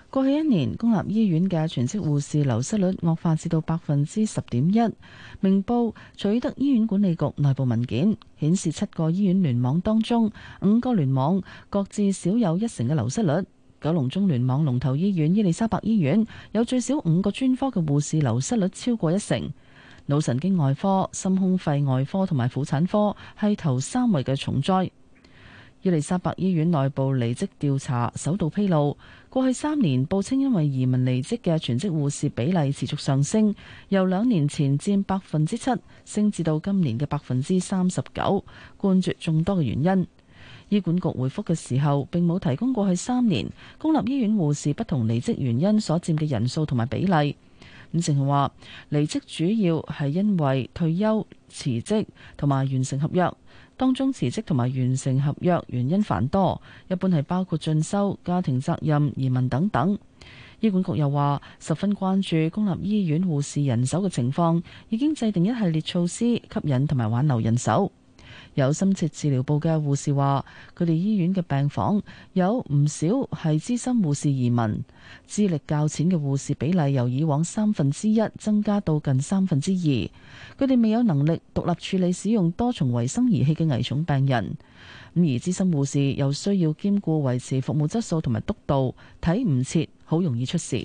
過去一年公立醫院嘅全職護士流失率惡化至到百分之十點一。明報取得醫院管理局內部文件，顯示七個醫院聯網當中，五個聯網各至少有一成嘅流失率。九龍中聯網龍頭醫院伊利沙伯醫院有最少五個專科嘅護士流失率超過一成。腦神經外科、心胸肺外科同埋婦產科係頭三位嘅重災。伊利沙伯醫院內部離職調查首度披露，過去三年報稱因為移民離職嘅全職護士比例持續上升，由兩年前佔百分之七升至到今年嘅百分之三十九，冠絕眾多嘅原因。醫管局回覆嘅時候，并冇提供過去三年公立醫院護士不同離職原因所佔嘅人數同埋比例。伍成仁話：離職主要係因為退休、辭職同埋完成合約，當中辭職同埋完成合約原因繁多，一般係包括進修、家庭責任、移民等等。醫管局又話十分關注公立醫院護士人手嘅情況，已經制定一系列措施吸引同埋挽留人手。有深切治療部嘅護士話，佢哋醫院嘅病房有唔少係資深護士移民，資歷較淺嘅護士比例由以往三分之一增加到近三分之二。佢哋未有能力獨立處理使用多重維生儀器嘅危重病人，咁而資深護士又需要兼顧維持服務質素同埋督導，睇唔切，好容易出事。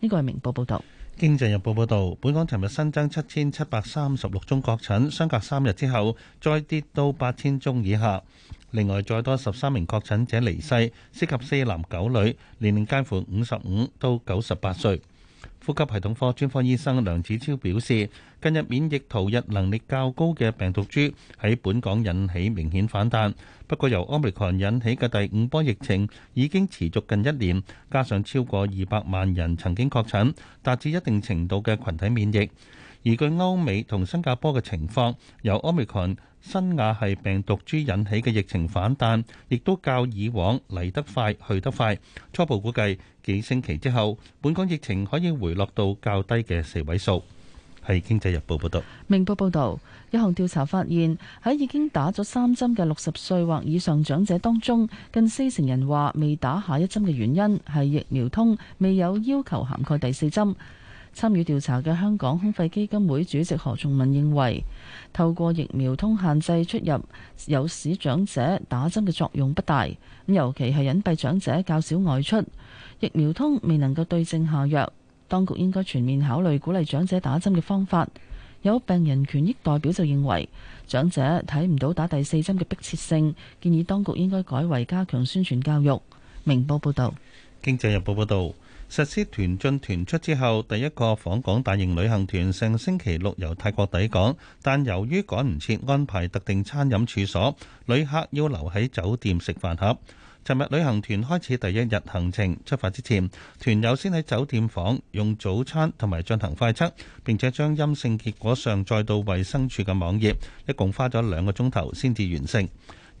呢個係明報報道。經濟日報報道，本港尋日新增七千七百三十六宗確診，相隔三日之後再跌到八千宗以下。另外，再多十三名確診者離世，涉及四男九女，年齡介乎五十五到九十八歲。呼吸系統科專科醫生梁子超表示，近日免疫逃逸能力較高嘅病毒株喺本港引起明顯反彈。不過，由 Omicron 引起嘅第五波疫情已經持續近一年，加上超過二百萬人曾經確診，達至一定程度嘅群體免疫。而據歐美同新加坡嘅情況，由 Omicron 新亞係病毒株引起嘅疫情反彈，亦都較以往嚟得快去得快。初步估計幾星期之後，本港疫情可以回落到較低嘅四位數。係經濟日報報道。明報報導，一項調查發現，喺已經打咗三針嘅六十歲或以上長者當中，近四成人話未打下一針嘅原因係疫苗通未有要求涵蓋第四針。參與調查嘅香港空肺基金會主席何重文認為，透過疫苗通限制出入有使長者打針嘅作用不大，咁尤其係隱蔽長者較少外出，疫苗通未能夠對症下藥。當局應該全面考慮鼓勵長者打針嘅方法。有病人權益代表就認為，長者睇唔到打第四針嘅迫切性，建議當局應該改為加強宣傳教育。明報報道。經濟日報報道。實施團進團出之後，第一個訪港大型旅行團上星期六由泰國抵港，但由於趕唔切安排特定餐飲處所，旅客要留喺酒店食飯盒。尋日旅行團開始第一日行程，出發之前，團友先喺酒店房用早餐同埋進行快測，並且將陰性結果上載到衛生署嘅網頁，一共花咗兩個鐘頭先至完成。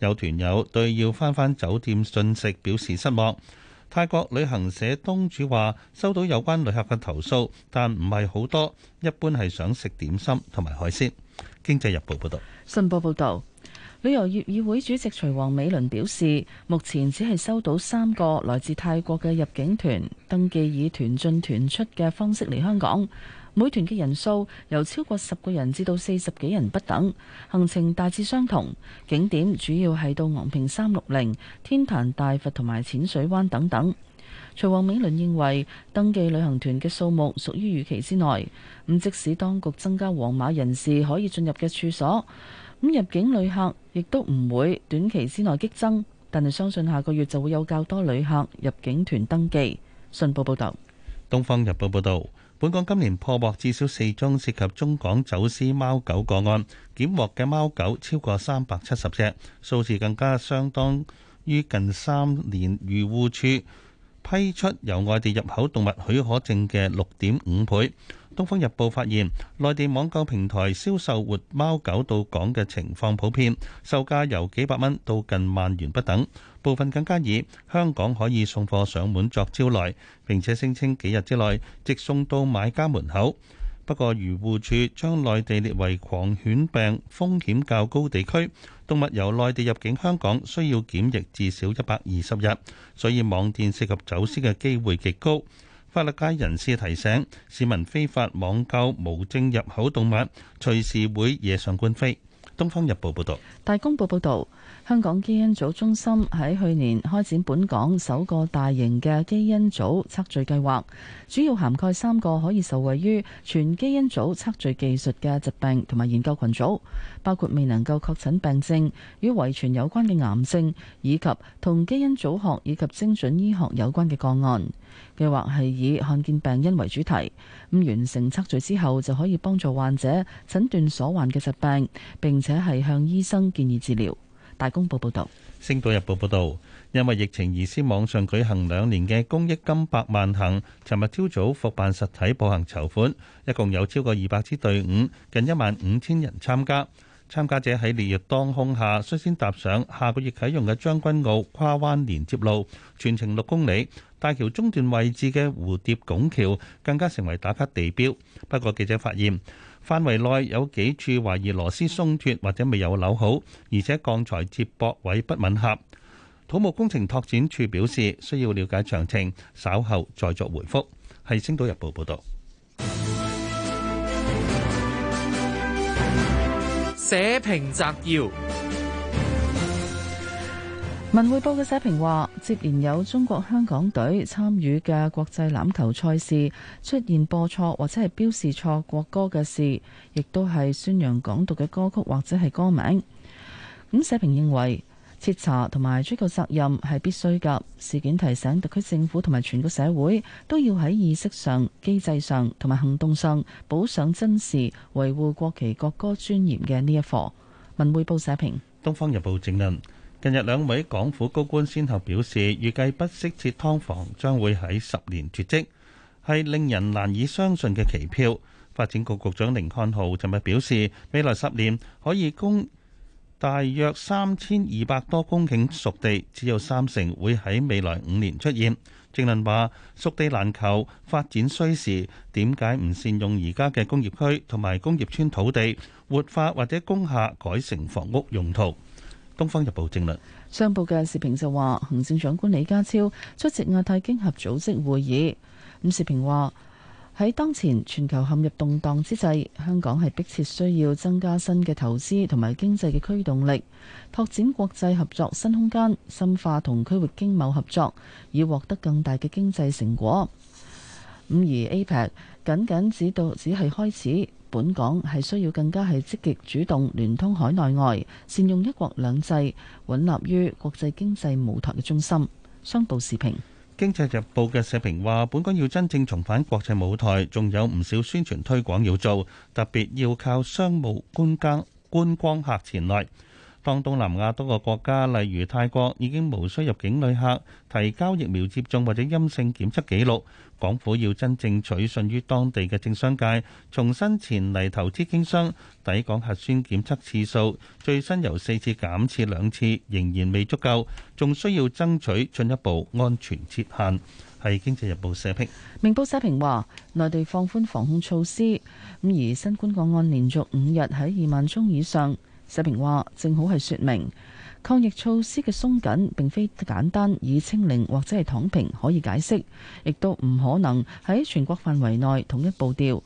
有團友對要翻返酒店進食表示失望。泰國旅行社東主話收到有關旅客嘅投訴，但唔係好多，一般係想食點心同埋海鮮。經濟日報報道，信報報道，旅遊業議會主席徐王美倫表示，目前只係收到三個來自泰國嘅入境團，登記以團進團出嘅方式嚟香港。每團嘅人數由超過十個人至到四十幾人不等，行程大致相同，景點主要係到昂坪三六零、天壇大佛同埋淺水灣等等。徐王美倫認為，登記旅行團嘅數目屬於預期之內。咁即使當局增加黃碼人士可以進入嘅處所，咁入境旅客亦都唔會短期之內激增，但係相信下個月就會有較多旅客入境團登記。信報報道，《東方日報》報道。本港今年破獲至少四宗涉及中港走私貓狗個案，檢獲嘅貓狗超過三百七十隻，數字更加相當於近三年漁護處批出由外地入口動物許可證嘅六點五倍。《東方日報》發現，內地網購平台銷售活貓狗到港嘅情況普遍，售價由幾百蚊到近萬元不等。部分更加以香港可以送貨上門作招來，並且聲稱幾日之內直送到買家門口。不過，漁護處將內地列為狂犬病風險較高地區，動物由內地入境香港需要檢疫至少一百二十日，所以網店涉及走私嘅機會極高。法律界人士提醒市民，非法網購無證入口動物隨時會惹上官非。《東方日報》報道。《大公報》報道。香港基因組中心喺去年開展本港首個大型嘅基因組測序計劃，主要涵蓋三個可以受惠於全基因組測序技術嘅疾病同埋研究群組，包括未能夠確診病症與遺傳有關嘅癌症，以及同基因組學以及精準醫學有關嘅個案。計劃係以看見病因為主題，咁完成測序之後就可以幫助患者診斷所患嘅疾病，並且係向醫生建議治療。大公報報道，《星島日報》報道，因為疫情而先網上舉行兩年嘅公益金百萬行，尋日朝早復辦實體步行籌款，一共有超過二百支隊伍，近一萬五千人參加。參加者喺烈日當空下，率先踏上下個月啟用嘅將軍澳跨灣連接路，全程六公里。大橋中段位置嘅蝴蝶拱橋，更加成為打卡地標。不過記者發現，範圍內有幾處懷疑螺絲鬆脱或者未有扭好，而且鋼材接駁位不吻合。土木工程拓展處表示需要了解詳情，稍後再作回覆。係《星島日報》報道。社評摘要。文匯報嘅社評話，接連有中國香港隊參與嘅國際欖球賽事出現播錯或者係標示錯國歌嘅事，亦都係宣揚港獨嘅歌曲或者係歌名。咁社評認為徹查同埋追究責任係必須噶事件提醒特區政府同埋全個社會都要喺意識上、機制上同埋行動上，補上珍視維護國旗國歌尊嚴嘅呢一課。文匯報社評，東方日報正論。近日兩位港府高官先後表示，預計不適切劏房將會喺十年絕跡，係令人難以相信嘅期票。發展局局長寧漢豪尋日表示，未來十年可以供大約三千二百多公頃熟地，只有三成會喺未來五年出現，政論話，熟地難求，發展需時，點解唔善用而家嘅工業區同埋工業村土地，活化或者工廈改成房屋用途？《東方日報》正論商報嘅視頻就話，行政長官李家超出席亞太經合組織會議。咁視頻話喺當前全球陷入動盪之際，香港係迫切需要增加新嘅投資同埋經濟嘅驅動力，拓展國際合作新空間，深化同區域經貿合作，以獲得更大嘅經濟成果。咁而 APEC 僅僅只到只係開始。本港係需要更加係積極主動聯通海內外，善用一國兩制，穩立於國際經濟舞台嘅中心。商報視頻，《經濟日報》嘅社評話：本港要真正重返國際舞台，仲有唔少宣傳推廣要做，特別要靠商務官家、觀光客前來。當東南亞多個國家，例如泰國，已經無需入境旅客提交疫苗接種或者陰性檢測記錄。港府要真正取信於當地嘅政商界，重新前嚟投資經商。抵港核酸檢測次數最新由四次減至兩次，仍然未足夠，仲需要爭取進一步安全設限。係《經濟日報》社評。《明報》社評話，內地放寬防控措施咁，而新冠個案連續五日喺二萬宗以上。社評話，正好係說明。抗疫措施嘅鬆緊，並非簡單以清零或者係躺平可以解釋，亦都唔可能喺全國範圍內統一步調。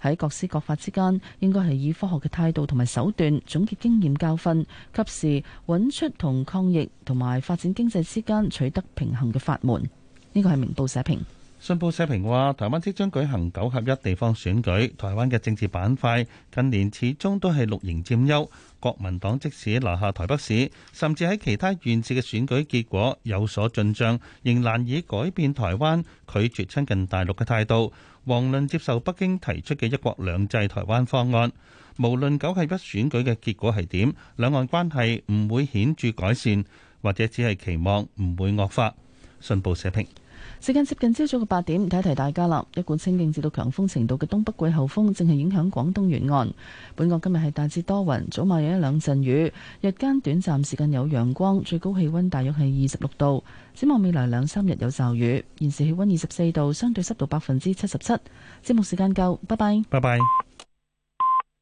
喺各施各法之間，應該係以科學嘅態度同埋手段總結經驗教訓，及時揾出同抗疫同埋發展經濟之間取得平衡嘅法門。呢個係明報社評。信報社評話：台灣即將舉行九合一地方選舉，台灣嘅政治板塊近年始終都係綠營佔優。國民黨即使拿下台北市，甚至喺其他縣市嘅選舉結果有所進賬，仍難以改變台灣拒絕親近大陸嘅態度。遑論接受北京提出嘅一國兩制台灣方案。無論九合一選舉嘅結果係點，兩岸關係唔會顯著改善，或者只係期望唔會惡化。信報社評。時間接近朝早嘅八點，提一提大家啦。一股清勁至到強風程度嘅東北季候風正係影響廣東沿岸。本港今日係大致多雲，早晚有一兩陣雨，日間短暫時間有陽光，最高氣溫大約係二十六度。展望未來兩三日有驟雨。現時氣溫二十四度，相對濕度百分之七十七。節目時間夠，拜拜。拜拜。